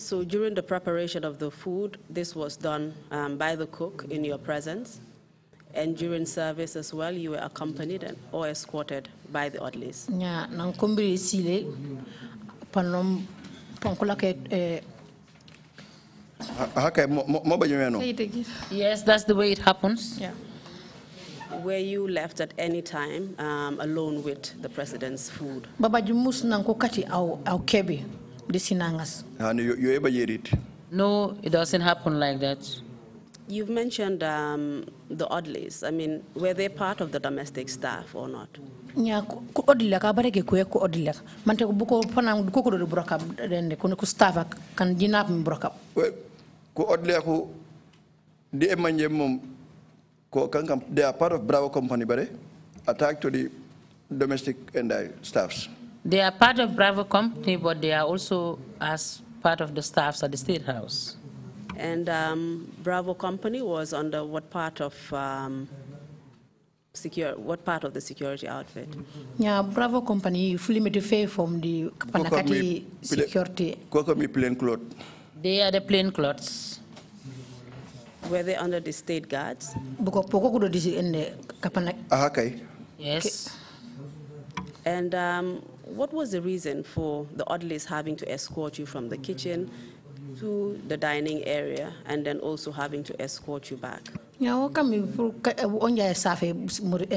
Speaker 6: so
Speaker 3: during the preparation of the food, this was done um, by the cook in your presence. And during service as well, you were accompanied and, or escorted by the Odlis.
Speaker 5: Yeah, nang kumbiri panom eh.
Speaker 4: Okay,
Speaker 6: yes, that's the way it happens. Yeah.
Speaker 3: Were you left at any time um, alone with the president's food?
Speaker 5: Babaji mus nang au au lisinangas.
Speaker 4: And you, you ever hear it?
Speaker 6: No, it doesn't happen like that.
Speaker 3: You've mentioned um, the oddlies. I mean, were they part of the domestic staff or not?
Speaker 6: nya ko
Speaker 4: they are part of bravo company bare attack to the domestic and staffs
Speaker 6: they are part of Bravo Company, but they are also as part of the staffs at the State House.
Speaker 3: And um, Bravo Company was under what part of um, secure? What part of the security outfit?
Speaker 5: Yeah, Bravo Company. Fully made fee from the Panakati security.
Speaker 4: Kokomi plain clothes.
Speaker 3: They are the plain clothes. Were they under the state guards?
Speaker 5: Buko kudo disi ende
Speaker 3: Yes. And um, what was the reason for the orderlies having to escort you from the kitchen to the dining area and then also having to escort you back?
Speaker 5: Yeah, kami pour uh, on jaa safe eh,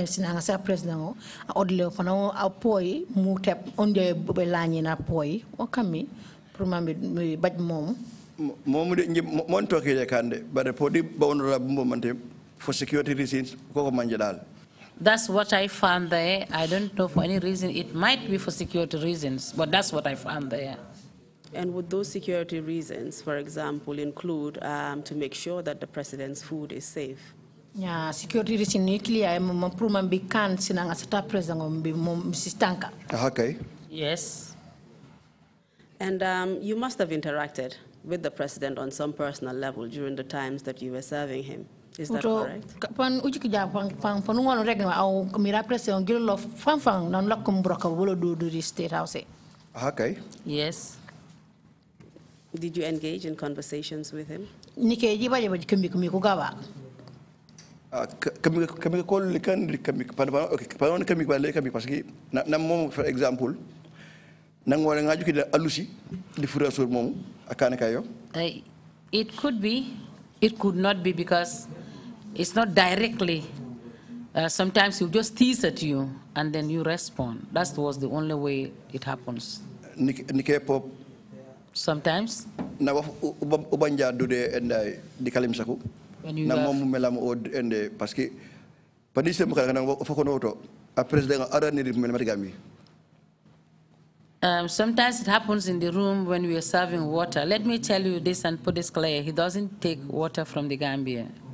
Speaker 5: sinanga eh, sa president o oh, a odle fana o a poi mu on jaa be na poi o kami pour mami baj mom
Speaker 4: mom de mon toki de kande bare eh, podi bawno la bumbo mante for security reasons ko ko manje
Speaker 6: that's what I found there. I don't know for any reason. It might be for security reasons, but that's what I found there. And would those security reasons,
Speaker 3: for example, include um, to make sure that the president's food is safe?
Speaker 6: Yeah,
Speaker 5: security reason nuclear mampuru mambikan sinanga sata president ngombi msistanka.
Speaker 4: Okay.
Speaker 3: Yes. And um, you must have interacted with the president on some personal level during the times that you were serving him. Is that correct?
Speaker 5: Pan uji kija pan pan panungo no regna au mira presion gilo fan fan nan lakum broka bolo do do state house.
Speaker 3: Okay. Yes. Did you
Speaker 4: engage in conversations
Speaker 3: with him?
Speaker 5: Nike jiba jiba kumi kumi kugawa.
Speaker 4: Ah, kami kami call kan kami panapan okay panapan kami balik kami pasti nak namu for example nang wala ngaju kida alusi di fura sur mom akana kayo.
Speaker 6: Eh, it could be, it could not be because it's not directly. Uh, sometimes he just tease at you and then you respond. That was the
Speaker 4: only way it happens. pop. Sometimes. Na waf ubanja melam ni
Speaker 6: Um, sometimes it happens in the room when we are serving water. Let me tell you this and put this clear. He doesn't take water from the Gambia.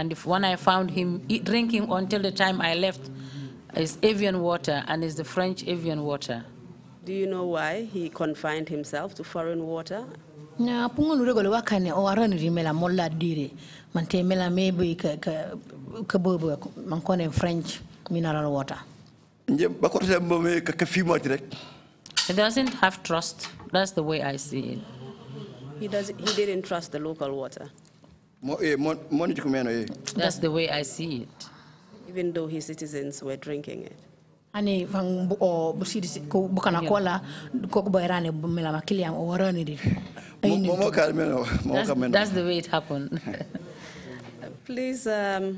Speaker 6: And if when I found him eat, drinking until the time I left, it's avian water and it's the French avian water. Do
Speaker 3: you know why he confined himself to foreign water?
Speaker 6: na pungol rego le wakane
Speaker 5: o aran rimela molla dire man te mela mebe ka ka ka bobo man konen french mineral water
Speaker 4: njem bakor te mbome ka ka fi moti
Speaker 6: he doesn't have trust that's the way i see it he
Speaker 3: does he didn't trust the local water
Speaker 4: Eh, eh.
Speaker 6: That's the way I see it.
Speaker 3: Even though his citizens were drinking it.
Speaker 5: ani fang o busidi ko kola ko bumela di that's the way it happened
Speaker 4: [LAUGHS]
Speaker 3: please um,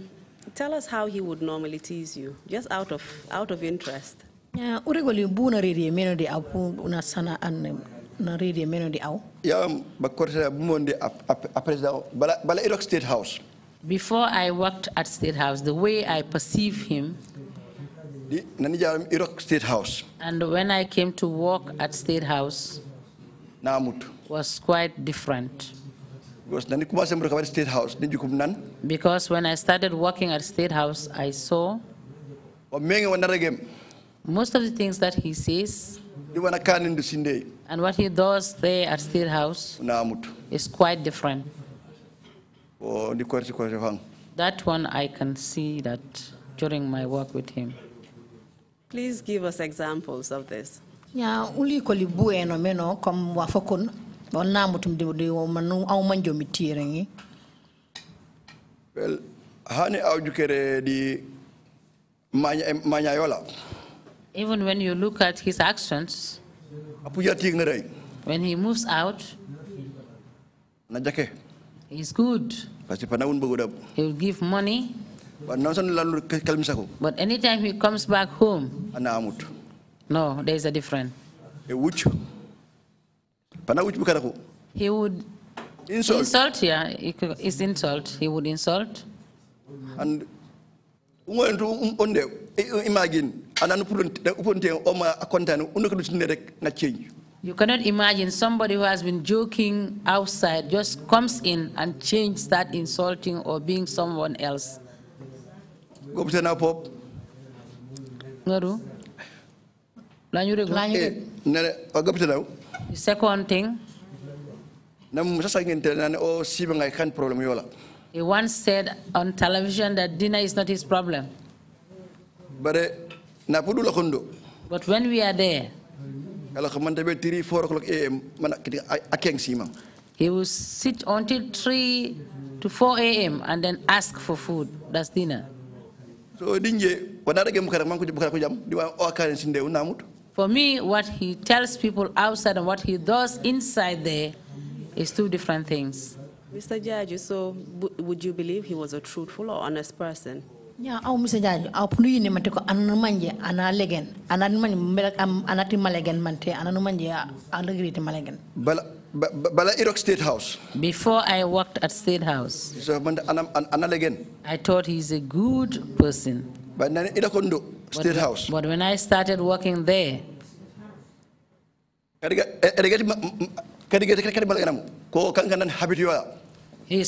Speaker 3: tell us how he would normally tease you just out of out of interest
Speaker 5: buna riri meno apu una sana bala
Speaker 4: bala irok state house
Speaker 6: before i worked at state house the way i perceive him
Speaker 4: nani jaram irok state house
Speaker 6: and when i came to work at state house namut was quite different because when I started working at State House, I saw most of the things that he says and what he does there at Steel House is quite different.
Speaker 4: Oh, that
Speaker 6: one I can see that during my work with him.
Speaker 3: Please give us examples of this.
Speaker 4: Yeah, Well, hani awjukere di manya manyayola.
Speaker 6: Even when you look at his actions,
Speaker 4: when he moves out, he's good. He will give money. But
Speaker 6: anytime he comes back home, no, there is a difference.
Speaker 4: He would insult.
Speaker 6: Insult, yeah, it's insult. He would insult.
Speaker 4: And um, eh, imagine Oh
Speaker 6: you cannot imagine somebody who has been joking outside just comes in and changes that insulting or being someone else.
Speaker 4: The second thing,
Speaker 6: oh, he once said on television that dinner is not his problem.
Speaker 4: But but
Speaker 6: when we are there, he will sit until 3 to 4 a.m. and then ask for food. That's dinner. So oh, For me, what he tells people outside and what he does inside there is two different things.
Speaker 3: Mr. Judge, so would you believe he was a truthful or honest person?
Speaker 6: aw aw
Speaker 5: ko manje ana legen ana manje am um, anati malegen mante manje uh, malegen
Speaker 4: bala Bala State House.
Speaker 6: Before I worked
Speaker 4: at State House, I thought he's a good person. But State House.
Speaker 6: But when I started working there, he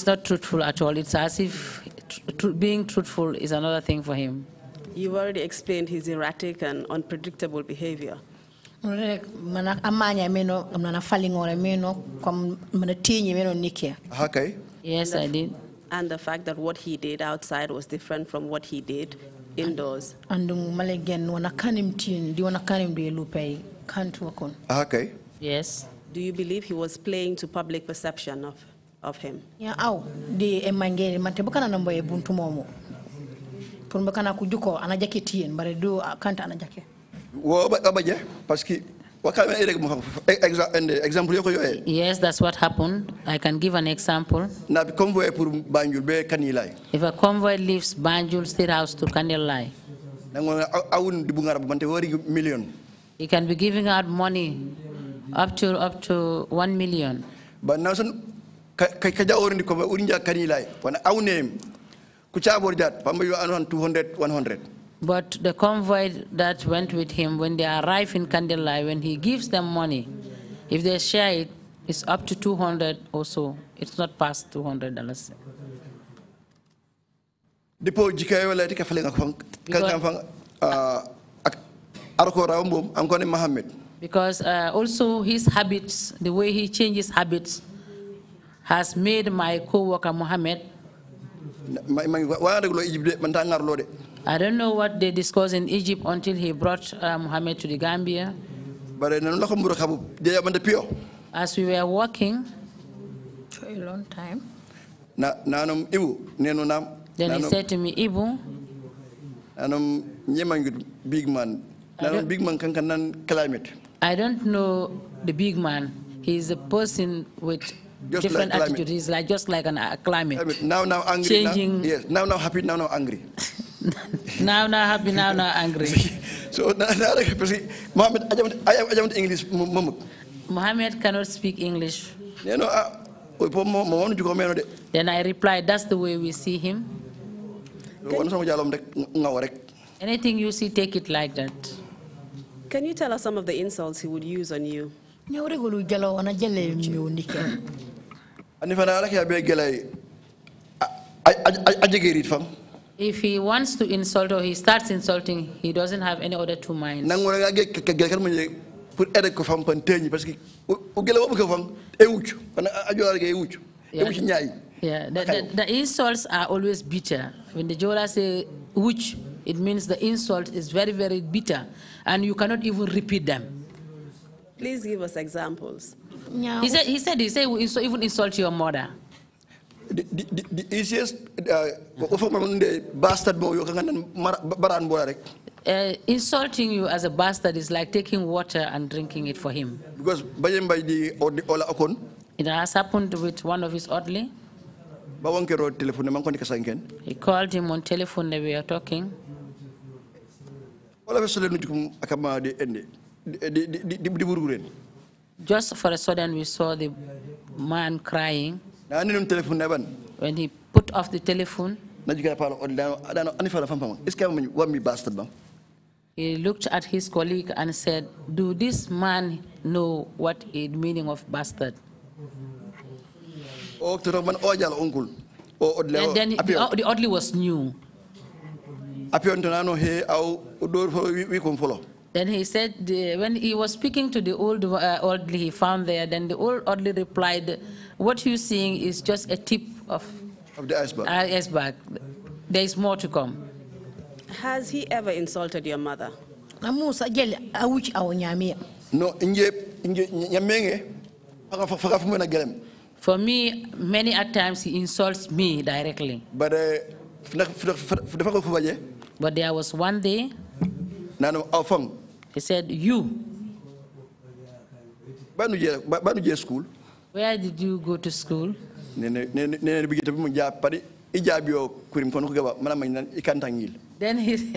Speaker 6: not truthful at all. It's as if tr being truthful is another thing for him. You have already
Speaker 3: explained his erratic and unpredictable behavior. Okay. Yes, I did. And the fact that what he did outside was different from what he did indoors.
Speaker 5: Okay.
Speaker 3: Yes. Do you believe he was playing to public perception of of him.
Speaker 5: nambo kujuko
Speaker 6: tien ah, kanta
Speaker 4: Wo abaje
Speaker 6: Yes, that's what happened. I can give an example. If a convoy leaves Banjul State House to Kandilai, He can be giving out money up to up to one million.
Speaker 4: But now, kaja orndi koɓe ɓuri pamba yo an 200 100
Speaker 6: But the convoy that went with him, when they arrive in Kandilai, when he gives them money, if they share it, it's up to 200 or so. It's not past
Speaker 4: 200 dollars. wala uh, arko
Speaker 6: Because uh, also his habits, the way he changes habits, has made my co-worker Mohammed. I don't know what they discussed in Egypt until he brought uh, Mohammed to the Gambia. As we were walking for a long time,
Speaker 4: then he said
Speaker 6: to me, Ibu,
Speaker 4: big man. big man can
Speaker 6: I don't know the big man. He is a person with just different like attitude. He's like just like an uh, climate. I mean, now, now angry. Changing.
Speaker 4: Now, yes. Now, now happy. Now, now angry. [LAUGHS]
Speaker 6: now, now happy. Now, now angry.
Speaker 4: [LAUGHS] so [LAUGHS] now, Mohammed, I don't, I, don't English. Mohammed cannot speak English. Ah, oh,
Speaker 6: then I replied, that's the way we see him. Anything you see, take it like that.
Speaker 3: Can you tell us some of the insults he would use
Speaker 4: on you?
Speaker 6: [CLEARS THROAT]
Speaker 4: if I a
Speaker 6: if he wants to insult or he starts insulting, he doesn't have any other two minds. Yeah. Yeah, the, the, the, insults are always bitter. When the Jola say which, it means the insult is very, very bitter, and you cannot even repeat them. Please give us examples. No. He said, he said, he said, he even insult your mother.
Speaker 4: The, the, the easiest, bastard boy, baran
Speaker 6: uh, insulting you as a bastard is like taking water and drinking it for
Speaker 4: him. Because by the
Speaker 6: it has happened with
Speaker 4: one of his oddly. He
Speaker 6: called him on telephone that we are talking.
Speaker 4: All of a sudden, di di di di
Speaker 6: just for a sudden, we saw the man crying.
Speaker 4: When
Speaker 6: he put off the telephone, he looked at his colleague and said, Do this man know what is the meaning of bastard?
Speaker 4: Oh, oh, oh, and then he, the, the was new.
Speaker 6: Then he said, the, when he was speaking to the old uh, orderly he found there, then the old orderly replied, what you're seeing is just a tip of, of the iceberg. iceberg. There is more to come.
Speaker 3: Has he ever insulted your mother?
Speaker 5: No, for
Speaker 6: me, many at times he insults me directly. But, uh, but there was one day.
Speaker 4: He said, you. school?
Speaker 6: Where did you go to school?
Speaker 4: Then
Speaker 6: he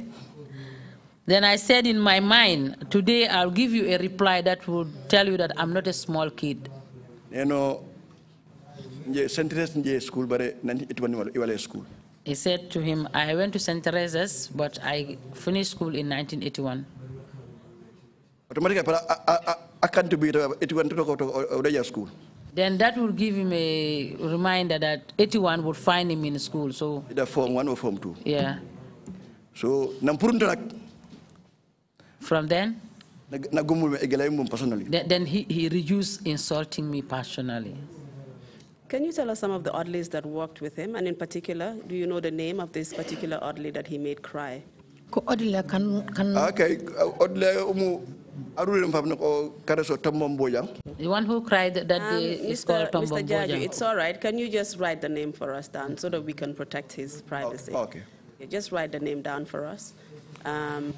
Speaker 6: then I said in my mind, today I'll give you a reply that will tell you that I'm not a small kid. He said to him, I went to St. Teresa's, but I finished school in 1981
Speaker 4: automatically I, can't be to go to Odeya uh, school.
Speaker 6: Then that will give him a reminder that 81 would find him in school. So
Speaker 4: either form one or form two. Yeah. So
Speaker 6: From then?
Speaker 4: Then
Speaker 6: he, he reduced insulting me personally.
Speaker 3: Can you tell us some of the oddlies that worked with him? And in particular, do you know the name of this particular oddly that he made cry?
Speaker 4: Ah, okay. Uh, Oh, the
Speaker 6: one who cried that day um, is called Mr. Jaju, it's all right. Can you just write
Speaker 3: the name for us down so that we can protect his privacy? Oh, okay. okay. Just write the name down for us. Um,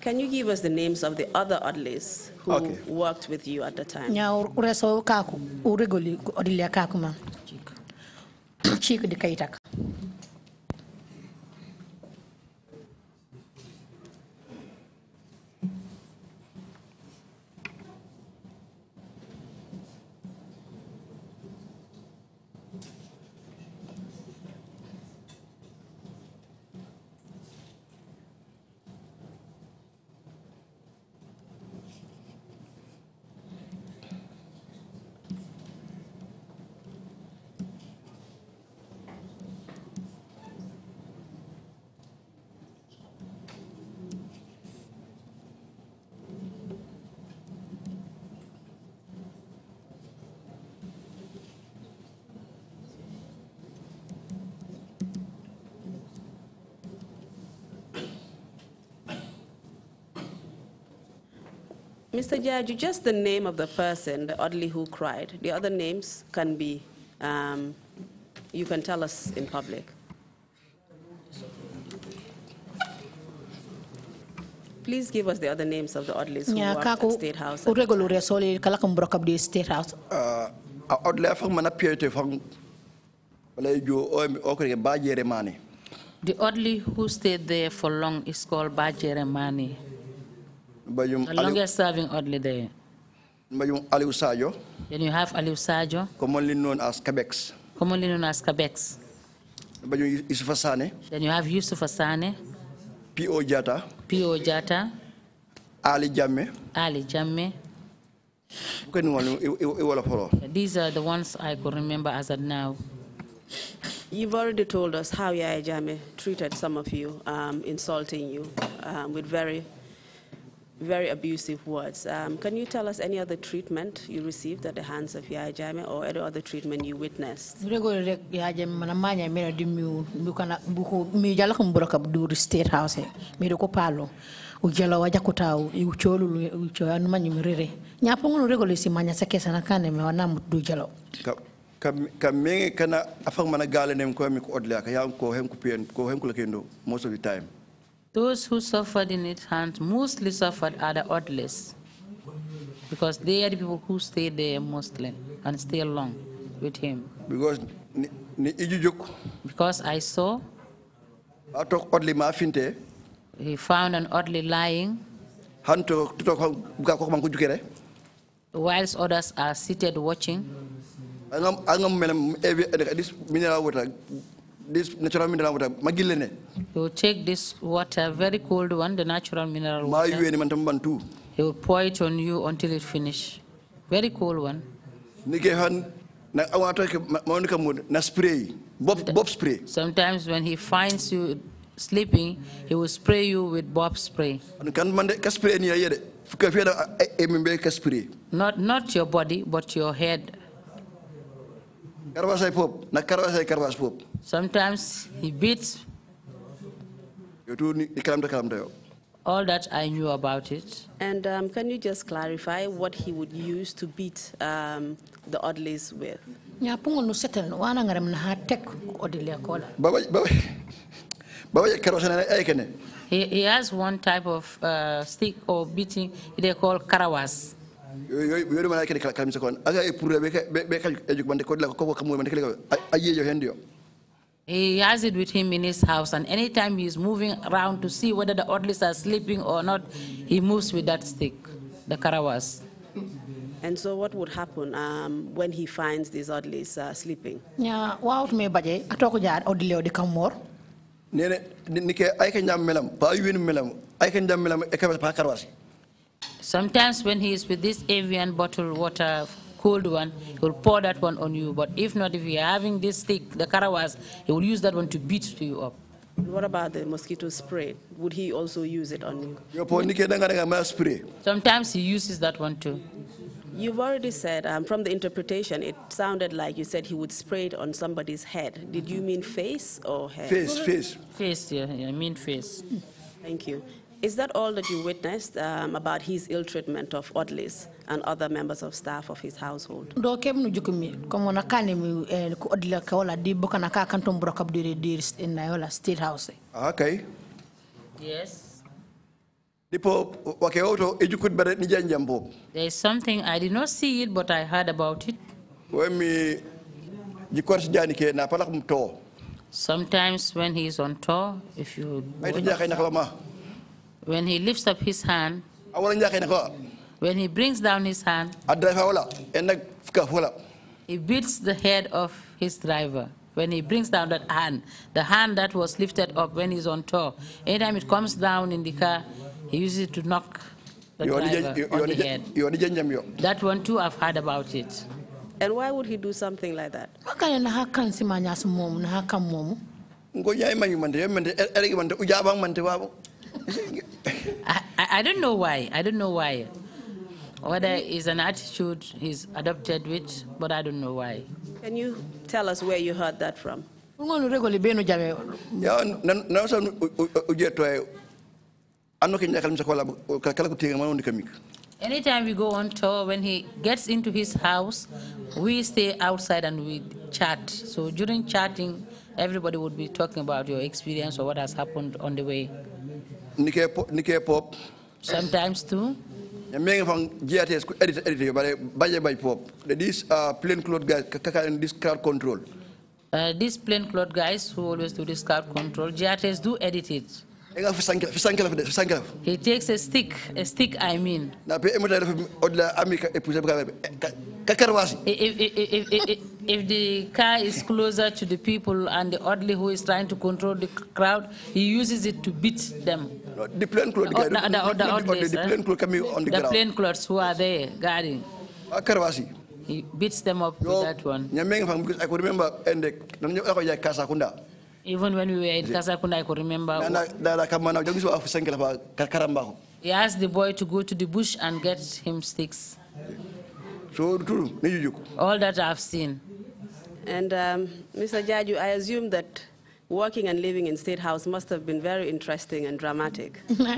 Speaker 3: Can you give us the names of the other oddlies? who okay. worked with you at the time? Nya
Speaker 5: ureso kaku urigoli odilia kaku ma. Chiku di kaitak.
Speaker 3: Mr. Judge, just the name of the person, the oddly who cried. The other names can be, um, you can tell us in public. Please give us the other names of the orderlies who
Speaker 5: yeah, worked at State House. Uregulu resoli kala kumbroka bdi State House.
Speaker 4: Uh, Orderly afang mana piyete fang wala jo okere bajere mani.
Speaker 6: The oddly who stayed there for long is called Bajeremani.
Speaker 4: The longest
Speaker 6: serving only there.
Speaker 4: Then you have Aliou Sadio. Commonly known as Quebex.
Speaker 6: Commonly known as Quebex.
Speaker 4: Then
Speaker 6: you have Yusuf Asane.
Speaker 4: P.O. Jata.
Speaker 6: P.O. Jata.
Speaker 4: Ali Jamme.
Speaker 6: Ali Jamme. These are the ones I could remember as of now. You've already told us how Yaya Jame treated
Speaker 3: some of you, um, insulting you um, with very very abusive words. Um, can you tell us any other treatment you received at the hands of Yaya Jame or any other treatment you witnessed?
Speaker 5: State House, Miroko Palo, Ujala Wajakutau, Ucholu, Uchoan Manimere. Nyapong regularly see Manya Sakes and Akane, Manam Dujalo.
Speaker 4: Kamenge kana afang mana galen em ko mi ko odla ka yam ko hem ko pien ko hem ko lekendo most of the time
Speaker 6: those who suffered in its hands mostly suffered are the oddless, because they are the people who stay there mostly and stay long with him. Because because I saw he found an oddly lying whilst others are seated watching
Speaker 4: this natural mineral water magillene he will
Speaker 6: take this water very cold one the natural mineral water ma he will pour it on you until it finish very cold one
Speaker 4: nike han na awata ke monika mud na spray bob bob spray
Speaker 6: sometimes when he finds you
Speaker 4: sleeping he will spray you with bob spray kan man ka spray ni yede fuka fiada embe ka spray
Speaker 6: not not your body but your head
Speaker 4: karwasai pop na karwasai karwas pop
Speaker 6: Sometimes he beats all that I knew about it. And um,
Speaker 3: can you just clarify what he would use to beat um, the oddlies with?
Speaker 5: wana
Speaker 4: karosana
Speaker 6: he, he has one type of uh, stick or beating they call karawas yoyu he has it with him in his house, and anytime he's moving around to see whether the orderlies are sleeping or not, he moves with that stick, the karawas.
Speaker 3: And so what would happen um, when he finds these orderlies
Speaker 4: uh, sleeping?
Speaker 5: Yeah, me
Speaker 4: Nene melam melam melam
Speaker 6: Sometimes when he is with this avian bottled water cold one, he will pour that one on you. But if not, if you're having this stick, the carawas, he will use that one to beat you up. What
Speaker 3: about the mosquito spray? Would he also use it on you?
Speaker 6: Sometimes he uses that one too.
Speaker 3: You've already said, um, from the interpretation, it sounded like you said he would spray it on somebody's head. Did you mean face
Speaker 6: or head? Face, face.
Speaker 3: Face, yeah, I yeah, mean face. Thank you. Is that all that you witnessed um, about his ill treatment of Odlis and other members of staff of his household?
Speaker 5: Do kem njukumi jukumi na kani mi ko Odla eh, ka di boka na kaka kanton broka dire dire in na wala state house.
Speaker 4: Okay. Yes. Dipo wake auto ejukut nijenjambo.
Speaker 6: There is something I did not see it but I heard about it.
Speaker 4: When me jikor jani ke na palak mto.
Speaker 6: Sometimes when he is on tour,
Speaker 4: if you. kama.
Speaker 6: When he lifts up his hand,
Speaker 4: when
Speaker 6: he brings down his hand, he beats the head of his driver. When he brings down that hand, the hand that was lifted up when he's on tour, anytime it comes down in the car, he uses it to knock the driver on the head.
Speaker 4: That one too, I've heard about it.
Speaker 6: And why would he do something
Speaker 4: like
Speaker 5: that?
Speaker 6: I,
Speaker 4: I don't know why. I don't know why.
Speaker 6: Whether it's an attitude he's adopted with, but I don't know why. Can you tell us where you heard that from? Anytime we go on tour, when he gets into his house, we stay outside and we chat. So during chatting, everybody would be talking about your experience or what has
Speaker 4: happened on the way. Nikkei pop, Nikkei pop. Sometimes too. Many from GRTS edit edit, but budget by pop. These uh, plain clothes guys, and this crowd control.
Speaker 6: Uh, these plain clothes guys who always do this crowd control, GRTS do
Speaker 4: edit it. He takes a stick, a stick I mean. If, if,
Speaker 6: if, if the car is closer to the people and the orderly who is trying to control the crowd, he uses it to beat them the
Speaker 4: plain clothes The, the, the, the, the, the plain clothes coming on the, the ground.
Speaker 6: plain clothes who are there guarding. He beats them
Speaker 4: up with that one. Because I could remember and the uh, uh,
Speaker 6: even when we were in Kasakunda, I could remember. He asked the boy to go to the bush and get him sticks.
Speaker 4: All
Speaker 6: that I've seen.
Speaker 3: And um, Mr. Jaju, I assume that working and living in State House must have been very interesting and dramatic.
Speaker 5: State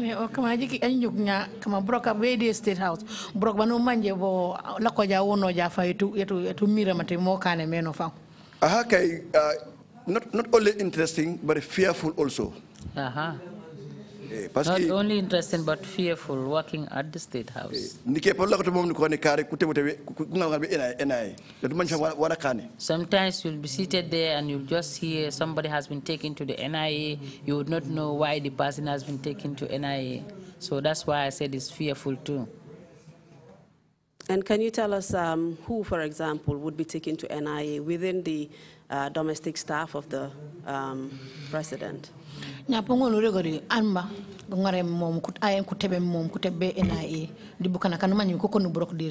Speaker 5: House.
Speaker 4: not, not only interesting, but fearful also. Uh -huh. Eh, not
Speaker 6: only interested but fearful working at the State House. Sometimes you'll be seated there and you'll just hear somebody has been taken to the NIA. You would not know why the person has been taken to NIA. So that's why I said it's fearful too.
Speaker 3: And can you tell us um, who, for example, would be taken to NIA within the uh, domestic staff of the um, president.
Speaker 5: anba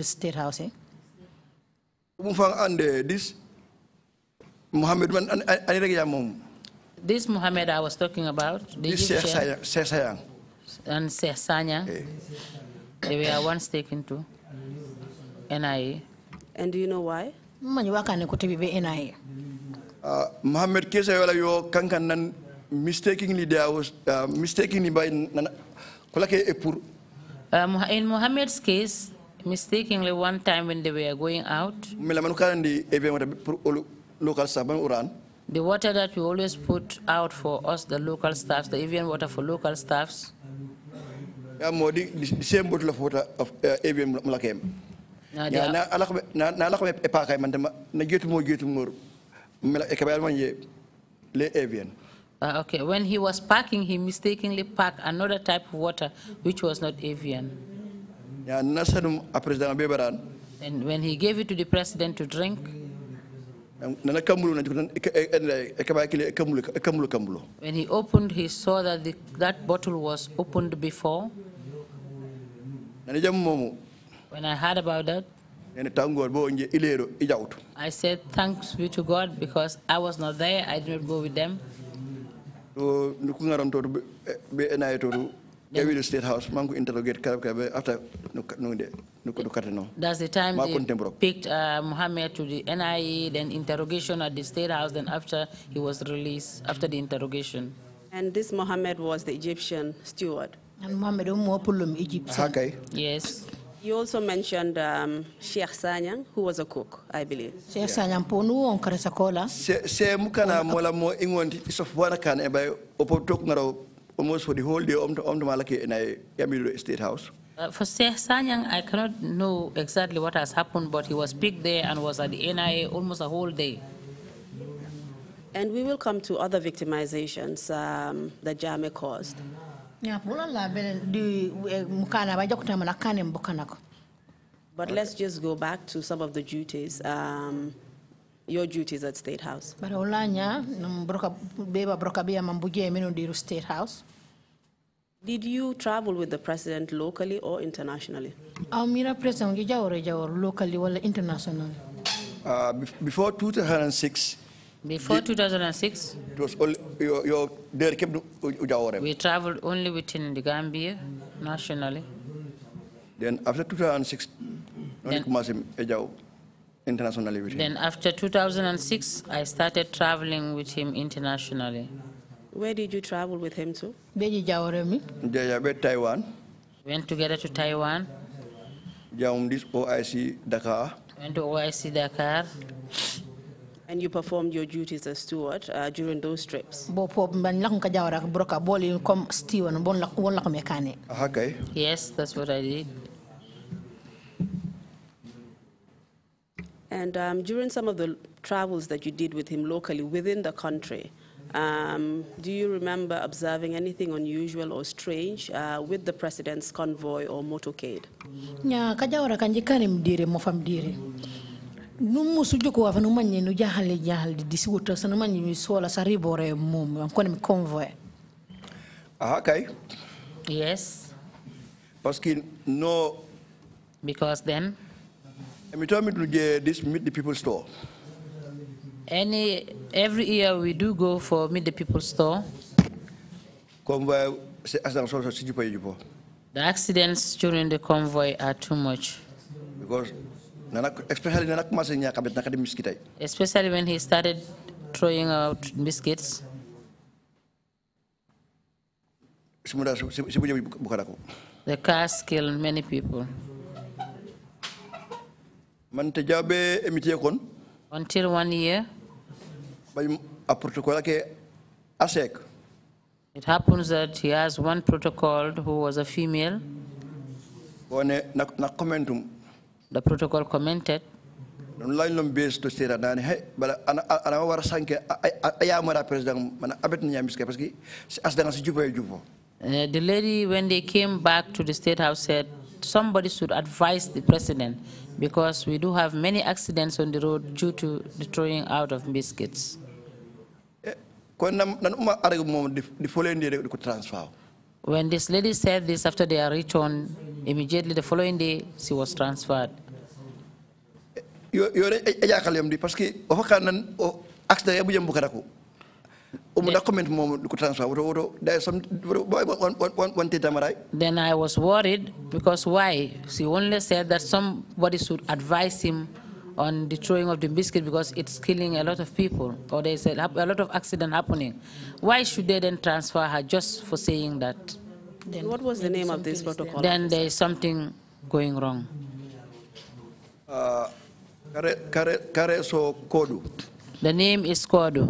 Speaker 5: state house eh?
Speaker 4: this Muhammad man
Speaker 6: this Muhammad
Speaker 4: I was talking about
Speaker 6: the this Egyptian Sesayang and Sesanya hey. Eh. they were once taken to NIA and do you know why
Speaker 4: uh, Mohammed Kesewela yo kankan nan mistakenly there was uh, mistakenly by Kolake Epur.
Speaker 6: Um, uh, in Muhammad's case, mistakenly one time when they were going out, Me
Speaker 4: la local uran.
Speaker 6: The water that we always put out for us, the local staffs, the avian water for local staffs.
Speaker 4: the same bottle of water of uh, Evian Mulakem. mo.
Speaker 6: Ah, okay, when he was parking, he mistakenly parked another type of water which was not avian. And when he gave it to the president to drink, when he opened, he saw that the, that bottle was opened before.
Speaker 4: When I
Speaker 6: heard about that, I said thanks be to God because I was not there. I did not go with them.
Speaker 4: Every the State House, mangu interrogate Karab after
Speaker 6: That's the time they picked uh, Mohammed to the NIA, then interrogation at the State House, then after he was released, after the interrogation. And this
Speaker 3: Mohammed was the Egyptian steward. And Mohammed Omopulum, Egyptian. Yes. You also mentioned um, Sheikh Sanyang, who was a cook, I believe. Sheikh Sanyang
Speaker 5: ponu
Speaker 4: on karesa kola. She mukana mola mo ingondi isofwana kan eba opotok ngaro almost for the whole day om om malaki in a Yamiru State House.
Speaker 6: Uh, for Sheikh Sanyang, I cannot know exactly what has happened, but he was picked there and was at the NIA almost a whole day.
Speaker 3: And we will come to other victimizations um, that Jame caused. Eh, but let's just go back to some of the duties, um, your duties at State House.
Speaker 5: But olanya broka beba broka bia mambuje minu State
Speaker 3: House. Did you travel with the president locally or internationally?
Speaker 5: Au mira president ngi jawore jawor locally or internationally.
Speaker 4: Uh, before 2006
Speaker 6: before 2006,
Speaker 4: it was only, you, you, there came to
Speaker 6: we traveled only within the Gambia nationally.
Speaker 4: Then after 2006, then, eh, internationally with him. Then
Speaker 6: after 2006, I started traveling with him internationally. Where did you travel with him
Speaker 4: to? Taiwan.
Speaker 6: Went together to Taiwan. Um,
Speaker 4: Went to OIC Dakar.
Speaker 3: And you performed your duties as steward uh, during those trips?
Speaker 5: Okay.
Speaker 6: Yes, that's what I did.
Speaker 3: And um, during some of the travels that you did with him locally within the country, um, do you remember observing anything unusual or strange uh, with the president's convoy or motorcade?
Speaker 5: numu sujuko wa fanu manye nu jahale jahale disi wuta sanu manye mi sola sari bore mum am kono ni convoy
Speaker 4: ah kay yes parce que no because then mi to mi je this meet the people store
Speaker 6: any every year we do go for meet the people store
Speaker 4: convoy c'est asan so so sijupo yupo
Speaker 6: the accidents during the convoy are too much
Speaker 4: because Eh.
Speaker 6: especially when he started throwing out biscuits.
Speaker 4: The
Speaker 6: cars killed many people.
Speaker 4: Eh,
Speaker 6: Until one year, ah, it happens that he has one protocol who was a female.
Speaker 4: The protocol commented uh, the
Speaker 6: lady, when they came back to the State House, said somebody should advise the president because we do have many accidents on the road due to the throwing
Speaker 4: out of biscuits. Eh,
Speaker 6: when this lady said this after they are returned immediately the following day,
Speaker 4: she was transferred. Eh, eh, eh, parce que o hokkanan o accident e ɓujam bukata ko omo document momo ko transfer woto woto da some wonte damaray
Speaker 6: then i was worried because why she only said that somebody should advise him on the throwing of the biscuit because it's killing a lot of people or there's a, a lot of accident happening. Why should they then transfer her just for saying that?
Speaker 4: Then what was the name of this protocol? Then
Speaker 6: there is something going
Speaker 4: wrong. Uh, the
Speaker 6: name is Kodu.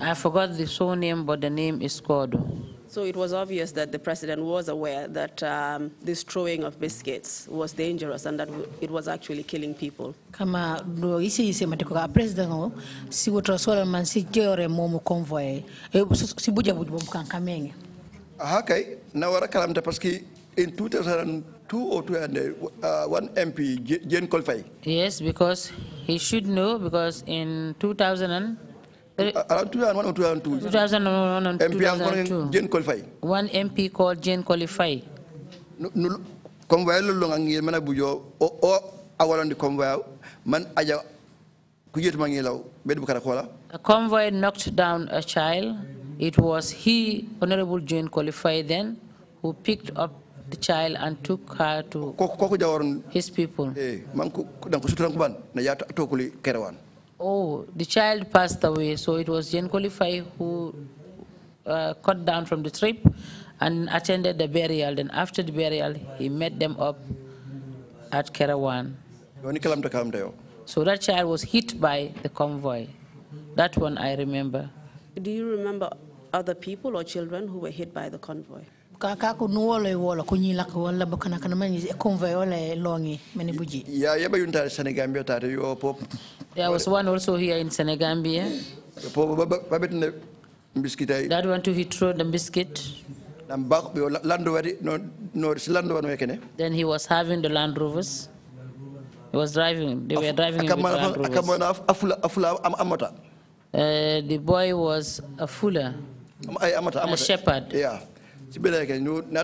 Speaker 6: I forgot the surname, but the name is Kodo.
Speaker 3: So it was obvious that the president was aware that um, this throwing of biscuits was dangerous and that it was actually killing people.
Speaker 6: Kama do
Speaker 5: isi isi matikoka president o si utrasola man si jore momo convoy si buja buja
Speaker 4: ah, Okay, now we are wara kalamta paski in 2002 or 2001 uh, MP Jane Colfay.
Speaker 6: Yes, because he should know because in 2000 uh, eh, ah, ah,
Speaker 4: 2001 or 2002? 2001 and MP 2002. Jane Qualify.
Speaker 6: One MP called Jane Qualify.
Speaker 4: Convoy lolong ang bujo o o awalan di convoy man aja mangilaw kola.
Speaker 6: A convoy knocked down a child. It was he, Honorable Jane Qualify then, who picked up the child and took her to
Speaker 4: his people. Eh, man dan ko sutran na ya to
Speaker 6: Oh, the child passed away, so it was Jen Qualify who uh, cut down from the trip and attended the burial. Then after the burial, he met them up at Kerawan. So that child was hit by the convoy. That one I remember.
Speaker 4: Do you remember
Speaker 3: other people or children who were hit by the convoy?
Speaker 6: ka ka ko nuwole ko ñi lak wala ba kana kana man eh, convoy wala eh, longi eh, mani buji
Speaker 3: ya
Speaker 4: yaba yunta senegambia ta yo pop
Speaker 6: there was one also here in senegambia
Speaker 4: pop babet ne biskitay that one to throw the biscuit dam bak yo lando wadi no no lando wan wekene
Speaker 6: then he was having the land rovers he was driving they were driving him with land rovers akamana
Speaker 4: afula afula amata
Speaker 6: uh, the boy was a fuller
Speaker 4: a shepherd yeah when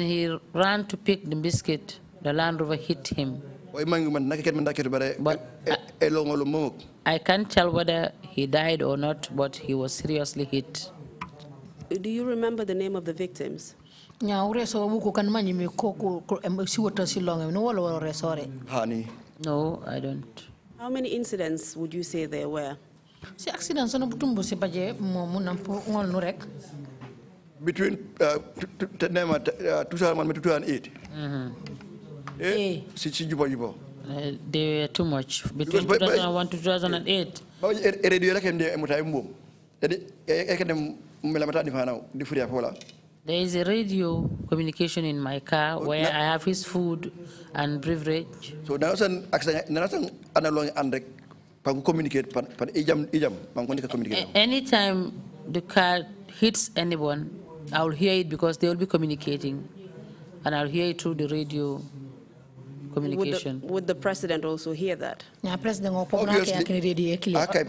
Speaker 6: he ran to pick the biscuit, the Land Rover hit him.
Speaker 4: But I,
Speaker 6: I can't tell whether he died or not, but he was seriously hit.
Speaker 3: Do you remember the name of the victims?
Speaker 5: No,
Speaker 4: I don't.
Speaker 3: How many incidents would you say there were? si accident sono butumbo si baje momu nampo ngol nu rek
Speaker 4: between uh, tenema uh, 2008 -hmm. eh, eh. si juba juba
Speaker 6: they were too much between 2001
Speaker 4: to 2008 radio rek dadi e melamata di fanaw di fola
Speaker 6: there is a radio communication in my car where I have his food and beverage.
Speaker 4: So nanasan aksa nanasan analog andrek communicate, pan, ijam, ijam, communicate.
Speaker 6: Anytime the car hits anyone, I will hear it because they will be communicating. And I'll hear it through the radio communication. Would
Speaker 3: the, would the president
Speaker 4: also hear that?
Speaker 6: Yeah, president Obviously, ah, okay,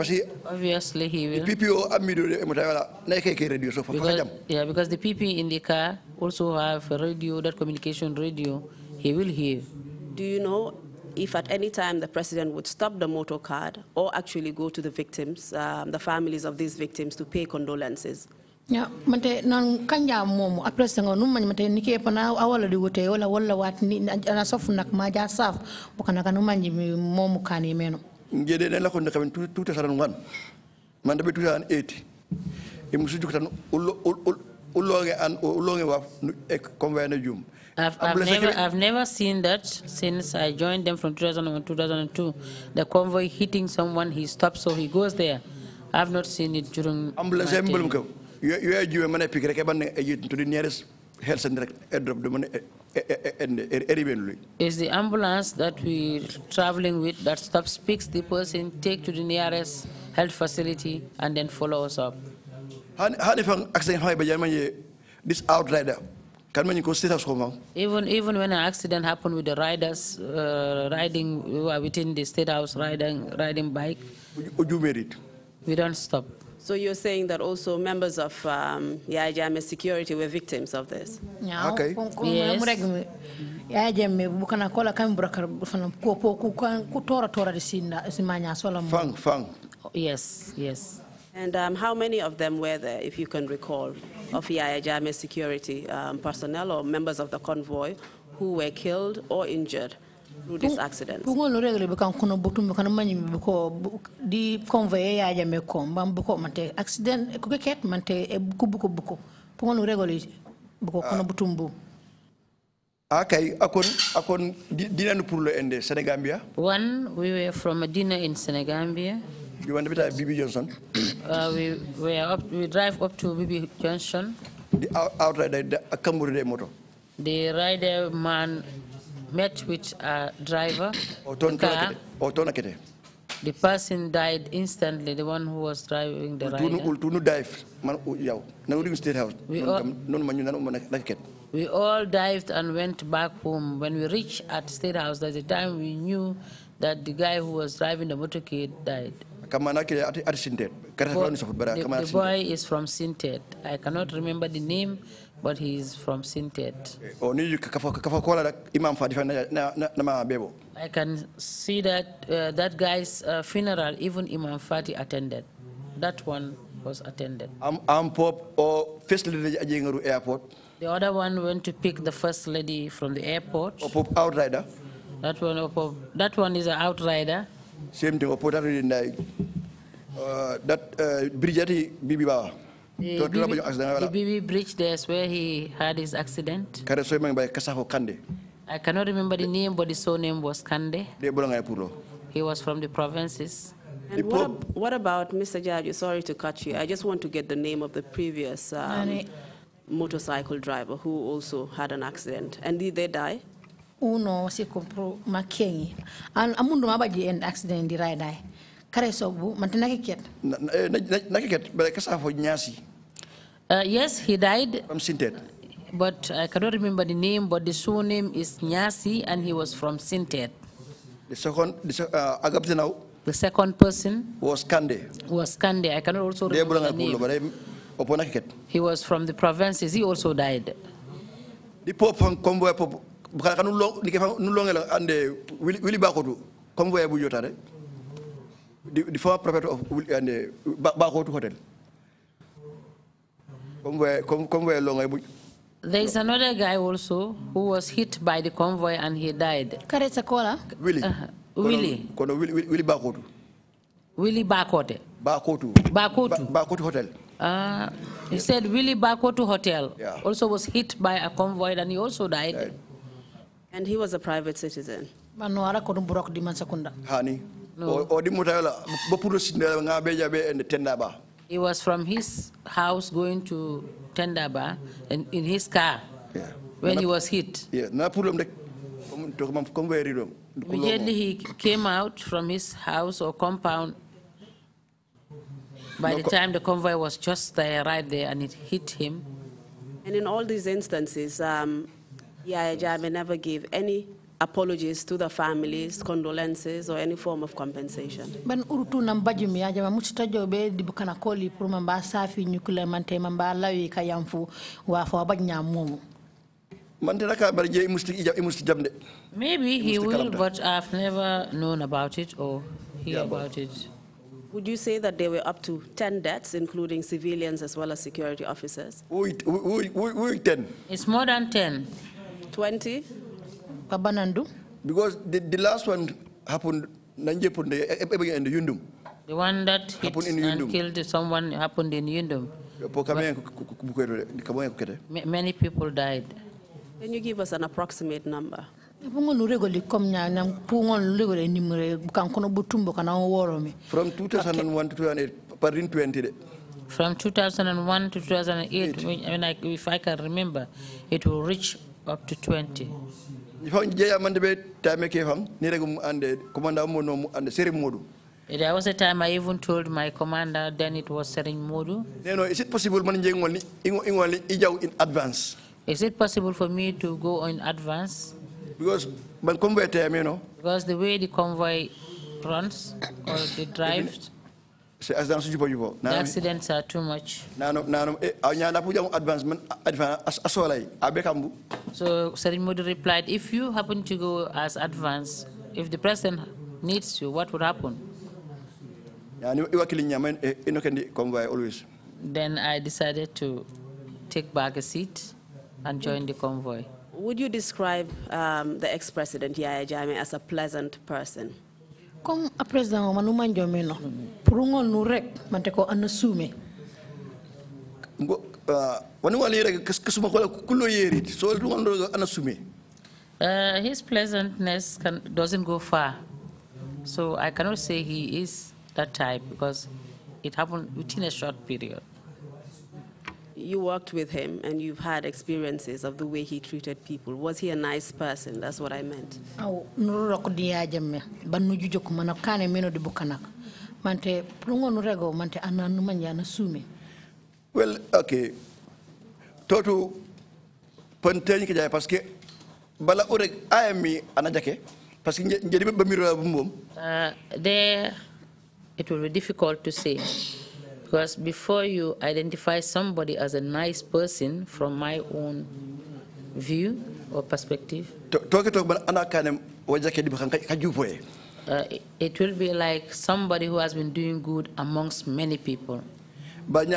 Speaker 4: Obviously he will. The PPO radio, so because,
Speaker 6: Yeah, because the PP in the car also have a radio, that communication radio, he will hear.
Speaker 4: Do you know if at any
Speaker 3: time the president would stop the motor card or actually go to the victims, um, the families of these victims, to pay condolences.
Speaker 5: ya mante non kanya momo. après sengo num man mate nike pana awala di wote wala wala wat ni ana sofu nak ma ja saf bokana kanu manji momu kani meno
Speaker 4: ngede den la ko ndaka tout tout saran wan man dabe tout an 80 e musu juk tan ulo ulo ulo ulo ulo ulo ulo ulo ulo ulo I've, I've never,
Speaker 6: I've never seen that since I joined them from 2001 2002. The convoy hitting someone, he stops, so he goes there. I've not seen it
Speaker 4: during. Ambulance, you are you man pick to the nearest health center airdrop the money and
Speaker 6: is the ambulance that we're traveling with that stops picks the person take to the nearest health facility and then follow
Speaker 4: us up this outrider even
Speaker 6: even when an accident happened with the riders uh, riding riding uh, within the state house riding riding bike, would you made it? We don't stop. So
Speaker 3: you're saying that also members of um, Yajame security were victims of this? Yeah. Okay. Yes.
Speaker 5: fana tora simanya
Speaker 3: fang fang yes yes and um, how many of them were there if you can recall of Yaya Jammeh security um, personnel or members of the convoy who were killed or injured through this accident. Bungo
Speaker 5: regle be kan kuno butum kan manyi be ko di convoy Yaya Jammeh ko mbam mante accident ko ket mante e buko buko bungo regle buko ah. kuno butum bu.
Speaker 4: Ah, okay, akon akon dinner pour le Sénégambia.
Speaker 6: One we were from a dinner in Senegambia.
Speaker 4: You went up to BB Johnson? Uh, we,
Speaker 6: we, up, we drive up to BB Johnson.
Speaker 4: The outrider, the Akamburide motor.
Speaker 6: The rider man met with a driver. The, car. the person died instantly, the one who was driving the rider. We all dived and went back home. When we reached at State House, at the time we knew that the guy who was driving the motorcade died.
Speaker 4: The, the boy is
Speaker 6: from Sintet. I cannot remember the name, but he is from Sintet. I can see that uh, that guy's uh, funeral, even Imam Fati attended. That one was attended.
Speaker 4: I'm Pope or oh, First Lady Ajingaru Airport.
Speaker 6: The other one went to pick the First Lady from the airport. Oh,
Speaker 4: Pope Outrider.
Speaker 6: That one, oh, that one is an outrider
Speaker 4: same thing o potata ɗi that brijati bibi bawa
Speaker 6: to bibi bridge there's where he had his accident I cannot remember the name, but his surname was Kande. He was from the provinces. And what, ab what about Mr. Jaju? Sorry to cut
Speaker 3: you. I just want to get the name of the previous um, motorcycle driver who also had an accident. And did they die?
Speaker 5: uno si compro ma kengi an amundo ma baji en accident di ride ay kare so bu man tanaki ket
Speaker 4: naki eh, ket be kasa fo nyasi
Speaker 6: uh, yes he died from sintet but i cannot remember the name but the surname is nyasi and he was from sintet
Speaker 4: the second the uh, agapte now
Speaker 6: the second person was kande was kande i cannot also remember the name he was from the provinces he also died
Speaker 4: the pope convoy pope nu ande wili comme voyage bu di of ande hotel comme voyage comme comme voyage bu
Speaker 6: There is another guy also who was hit by the convoy and he died. Kareta Kola?
Speaker 4: Willie. Willie. Uh-huh. Kono, Willie, Willie Bakotu. Willie Bakote. Bakotu. Bakotu. Bakotu Hotel.
Speaker 6: Uh, he said Willie Bakotu Hotel yeah. also was hit by a convoy and he also died. died. And he was a private citizen.
Speaker 5: Hani.
Speaker 6: He was from his house going to Tendaba and in his car
Speaker 4: yeah. when he was hit. Yeah. Immediately
Speaker 6: he came out from his house or compound by the time the convoy was just there, right there, and it hit him.
Speaker 3: And in all these instances, um, yeah, Jami never gave any apologies to the families, condolences, or any form of compensation.
Speaker 5: Ban urutu nambajumi ya jama mutitajo be dibukana koli puruma mba safi nyukule mante mba lawi kayamfu wafa wabanya
Speaker 4: jamde.
Speaker 3: Maybe he will, but
Speaker 4: I've never known about it or hear yeah, about it.
Speaker 3: Would you say that there were up to 10 deaths, including civilians as well as security officers?
Speaker 4: It's
Speaker 6: more than 10.
Speaker 4: 20. Kabanandu. Because the, the last one happened eh, eh, eh, in the Yundum.
Speaker 6: The one that hit happened in Yundum. killed someone happened in Yundum. many people died.
Speaker 3: Can you give us an approximate number?
Speaker 5: From 2001
Speaker 4: to 2008, pardon 20.
Speaker 6: From 2001 to 2008, when I, if I can remember, it will reach
Speaker 4: up to 20. There
Speaker 6: was a time I even told my commander, then it was Serin
Speaker 4: Modu. No, is it possible in advance?
Speaker 6: Is it possible for me to go in advance?
Speaker 4: Because because
Speaker 6: the way the convoy runs or the drives
Speaker 4: as suji bo yubo the
Speaker 6: accidents are too much
Speaker 4: No, no. Eh, ah, nya na puja advancement asolay abekambu
Speaker 6: so Sarin Modi replied if you happen to go as advance if the president needs you what would happen eh, then i decided to take back a seat and join the convoy
Speaker 3: would you describe um, the ex-president Yahya Jammeh as a pleasant person
Speaker 5: comme à présent manu manjome no pour ngonu rek mante ko ana sume
Speaker 4: ngo wani ah, wali rek kesuma ko kulo yeri so ngonu ana sume
Speaker 6: uh, his pleasantness can, doesn't go far so i cannot say he is that type because it happened within a short period
Speaker 3: you worked with him and you've had experiences of the way he treated people. Was he a nice person? That's what I meant.
Speaker 5: Well,
Speaker 4: okay. Totu penting kejaya paske bala urek ayami anajake paske jadi bamiru
Speaker 6: uh, There, it will be difficult to say. Because before you identify somebody as a nice person, from my own
Speaker 4: view or perspective, uh,
Speaker 6: it will be like somebody who has been doing good amongst many people.
Speaker 4: But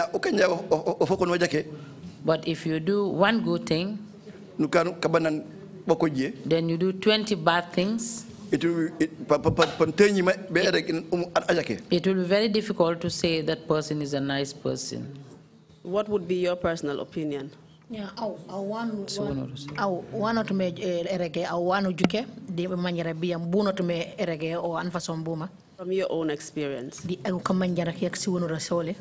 Speaker 4: if you do one good thing, then you do 20 bad things. It will, it, um,
Speaker 6: it, will be very difficult to say that person is a nice person. What would be your personal opinion?
Speaker 5: Yeah, erege di erege
Speaker 3: From your own experience.
Speaker 5: Di aw kamanjara kiyak rasole.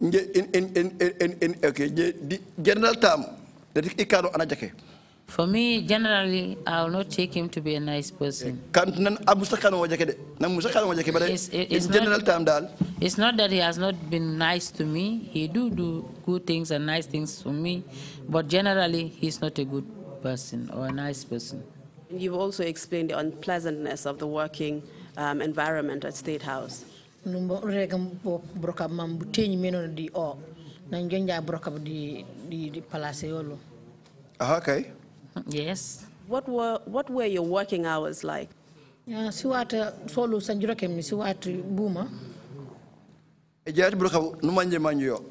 Speaker 4: in in in in in okay. General term that is ikaro anajake.
Speaker 6: For me, generally, I will not take him to be a nice person. Ah, it's,
Speaker 4: it's, general not,
Speaker 6: it's not that he has not been nice to me. He do do good things and nice things to me, but generally, he's not a good person or a nice person.
Speaker 3: You've also explained the unpleasantness of the working um, environment at State House. okay. Yes. What were, what were your working hours like?
Speaker 5: Yeah, siwata solo sanjurakem ni siwati buma.
Speaker 4: Ejat buruka numanje manjo.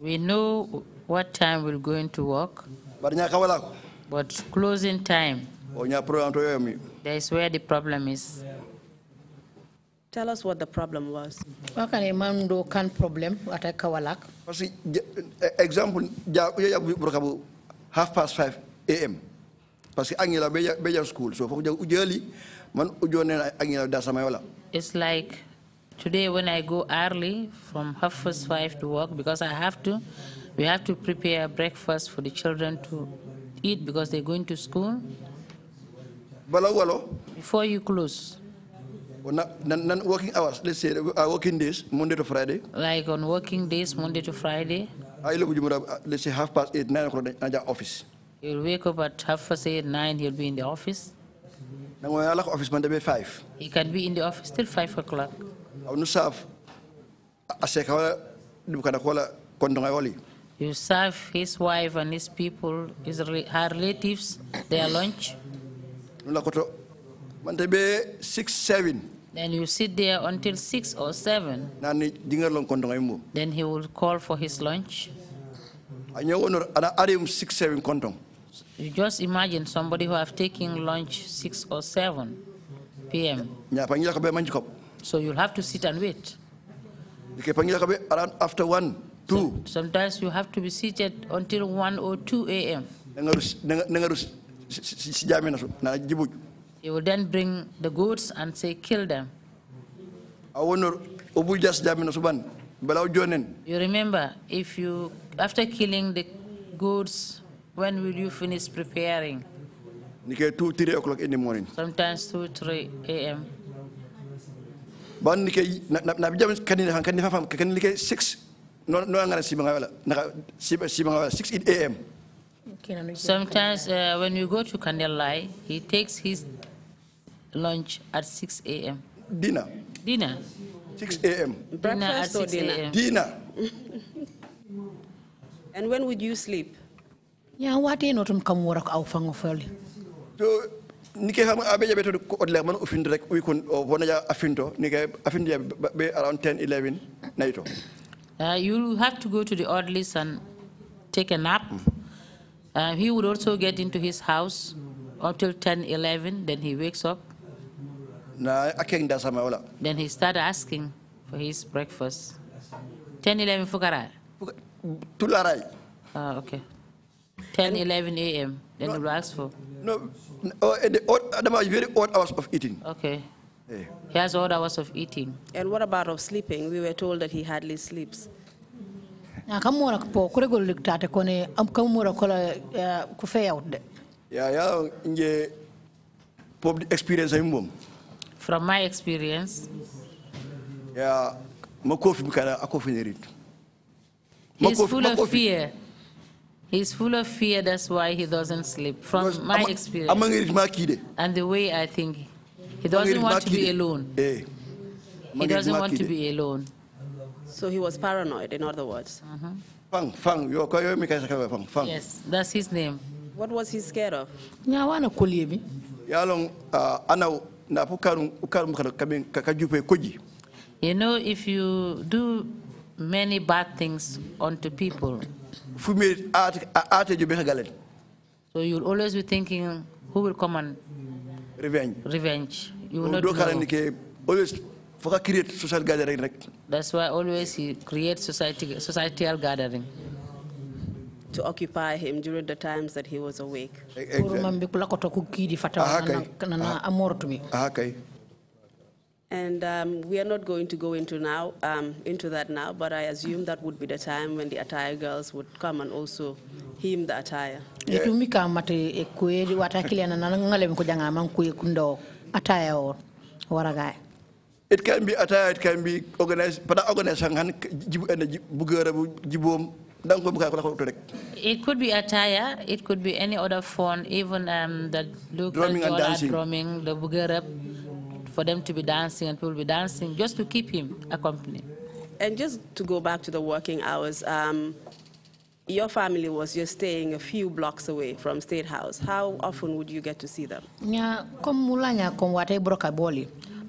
Speaker 6: We know what time we're going to work. Barnya kawala. But closing time.
Speaker 4: Onya program to yomi.
Speaker 6: That is where the problem is.
Speaker 4: Tell us what the problem was.
Speaker 5: Wakane mando kan problem ata kawalak.
Speaker 4: Example, ya ya half past 5 a.m parce que beja beja school so for man ujone dasa mayola
Speaker 6: it's like today when i go early from half past 5 to work because i have to we have to prepare breakfast for the children to eat because they're going to school
Speaker 4: before you close On working hours let's say uh, working days monday to friday
Speaker 6: like on working days monday to friday
Speaker 4: let's say half past 8 9 o'clock office
Speaker 6: He'll wake up at half past eight, nine, he'll be in the office.
Speaker 4: Nangoyalak office man five.
Speaker 6: He can be in the office till five o'clock. serve You serve his wife and his people, his her relatives, their lunch.
Speaker 4: Nulakoto man
Speaker 6: six seven. Then you sit there until six or seven. Nani Then he will call for his lunch. six seven you just imagine somebody who have taken lunch 6 or 7 p.m.
Speaker 4: So you'll have to sit and wait. Around after 1, 2. So,
Speaker 6: sometimes you have to be seated until 1 or 2 a.m. He will then bring the goods and say, kill them.
Speaker 4: You
Speaker 6: remember, if you, after killing the goods. When will you finish preparing?
Speaker 4: Nike 2, 3 o'clock in the morning.
Speaker 6: Sometimes 2, 3 a.m.
Speaker 4: Ban nike na jam kani han kani fam kani nike 6 no no ngana si mga wala naka si si mga wala 6 a.m.
Speaker 6: Sometimes uh, when you go to Kandelai, he takes his lunch at
Speaker 4: 6 a.m. Dinner. Dinner. 6 a.m. Breakfast dinner at [LAUGHS] 6 or dinner? Dinner. and when would you sleep?
Speaker 3: kam
Speaker 5: wora ko aw fango to
Speaker 4: nike xam ko man o rek wi o afinto nike be around 10 11 nayto
Speaker 6: uh, you have to go to the orderlies and take a nap mm. uh, he would also get into his house until 10:11. 10 11 then he wakes up then he start asking for his breakfast 10 11 fukara tularai ah okay 10, 11
Speaker 4: a.m. Then no, you ask for? No, oh, eh, the odd, at the very odd hours of eating. Okay. Yeah.
Speaker 3: He has odd hours of eating. And what about of sleeping? We were told that he hardly sleeps.
Speaker 5: Yeah,
Speaker 4: yeah, yeah. experience I'm
Speaker 6: From my experience.
Speaker 4: Yeah, my bika because I coffee in
Speaker 6: full of fear. He's full of fear, that's why he doesn't sleep, from my experience. And the way I think, he doesn't want to be alone.
Speaker 4: Eh. He doesn't want to
Speaker 6: be alone. So he was paranoid,
Speaker 4: in other words. Mm-hmm. Fang, Fang,
Speaker 3: Yes,
Speaker 6: that's his name. What was he scared of? Uh, you know, if you do many bad things onto people, so you'll always be thinking, who will come and revenge? Revenge. You will not know.
Speaker 4: Always create social gathering.
Speaker 6: That's why always he creates
Speaker 3: society, societal gathering. To occupy him during the times that he was awake. Exactly. And um, we are not going to go into now um, into that now, but I assume that would be the time when the attire girls would come and also him the attire.
Speaker 5: Itumika mati ekwe watakile na nangale mkujanga mankwe kundo attire or waragai.
Speaker 4: It can be attire, it can be organized, but organized hangan jibu and bugara jibum
Speaker 6: it could be attire, it could be any other form, even um, the local drumming and drumming, the bugarab, for them to be dancing and people be dancing just to keep him accompanied. And just to go back to
Speaker 3: the working hours, um, your family was just staying a few blocks away from State House. How often would you get to see them?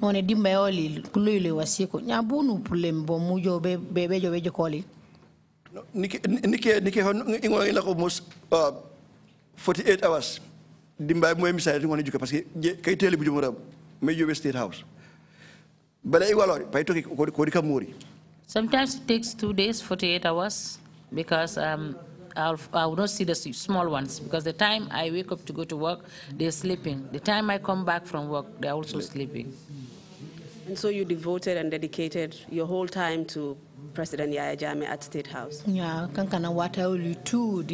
Speaker 5: none dimba yoli kuluile wasiku nyabunu pulembo mujo bebejo bejo koli
Speaker 4: niki niki niki hon ingo ila ko mos uh, 48 hours dimba moy misay ngone juke parce que kay tele bu jumura may State House.
Speaker 6: Sometimes it takes two days, 48 hours, because um, I'll, I will not see the small ones because the time I wake up to go to work, they're sleeping. The time I come back from work, they're also sleeping.
Speaker 3: And so you devoted and dedicated your whole time to President Yaya Jame at State House.
Speaker 5: Yeah, Okay, wata tu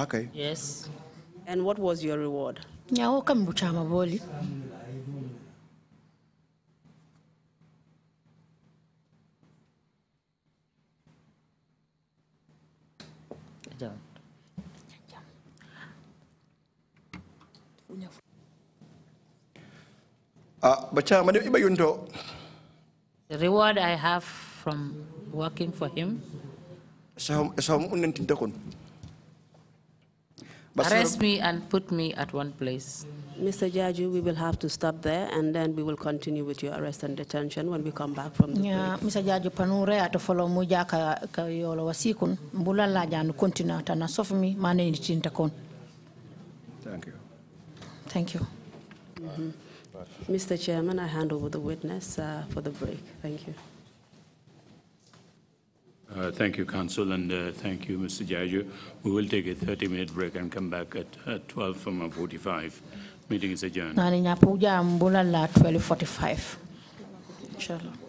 Speaker 4: na
Speaker 3: Yes. And what was your reward?
Speaker 5: Nyawo kambutama boli
Speaker 4: Uh, ah, but uh, Madam Ibayunto.
Speaker 6: The reward I have from working for him.
Speaker 4: Saham saham unan tintakon.
Speaker 3: Arrest me
Speaker 6: and put me at one place. Mr. Jaju, we will have
Speaker 3: to stop there and then we will continue with your arrest and detention when we come back from the yeah, break. Mr. Jaju
Speaker 5: panure ato follow muja ka, ka yolo wasikun mbula la janu continue tana sofmi
Speaker 3: mane ni tin kon. Thank you. Thank you.
Speaker 4: Mm -hmm. Mr.
Speaker 3: Chairman, I hand over the witness uh, for the break. Thank you.
Speaker 1: Uh, thank you, Council, and uh, thank you, Mr. Jaju. We will take a 30-minute break and come back at, at uh, 12 from 45. Meeting is adjourned. la
Speaker 5: 12:45. Inshallah.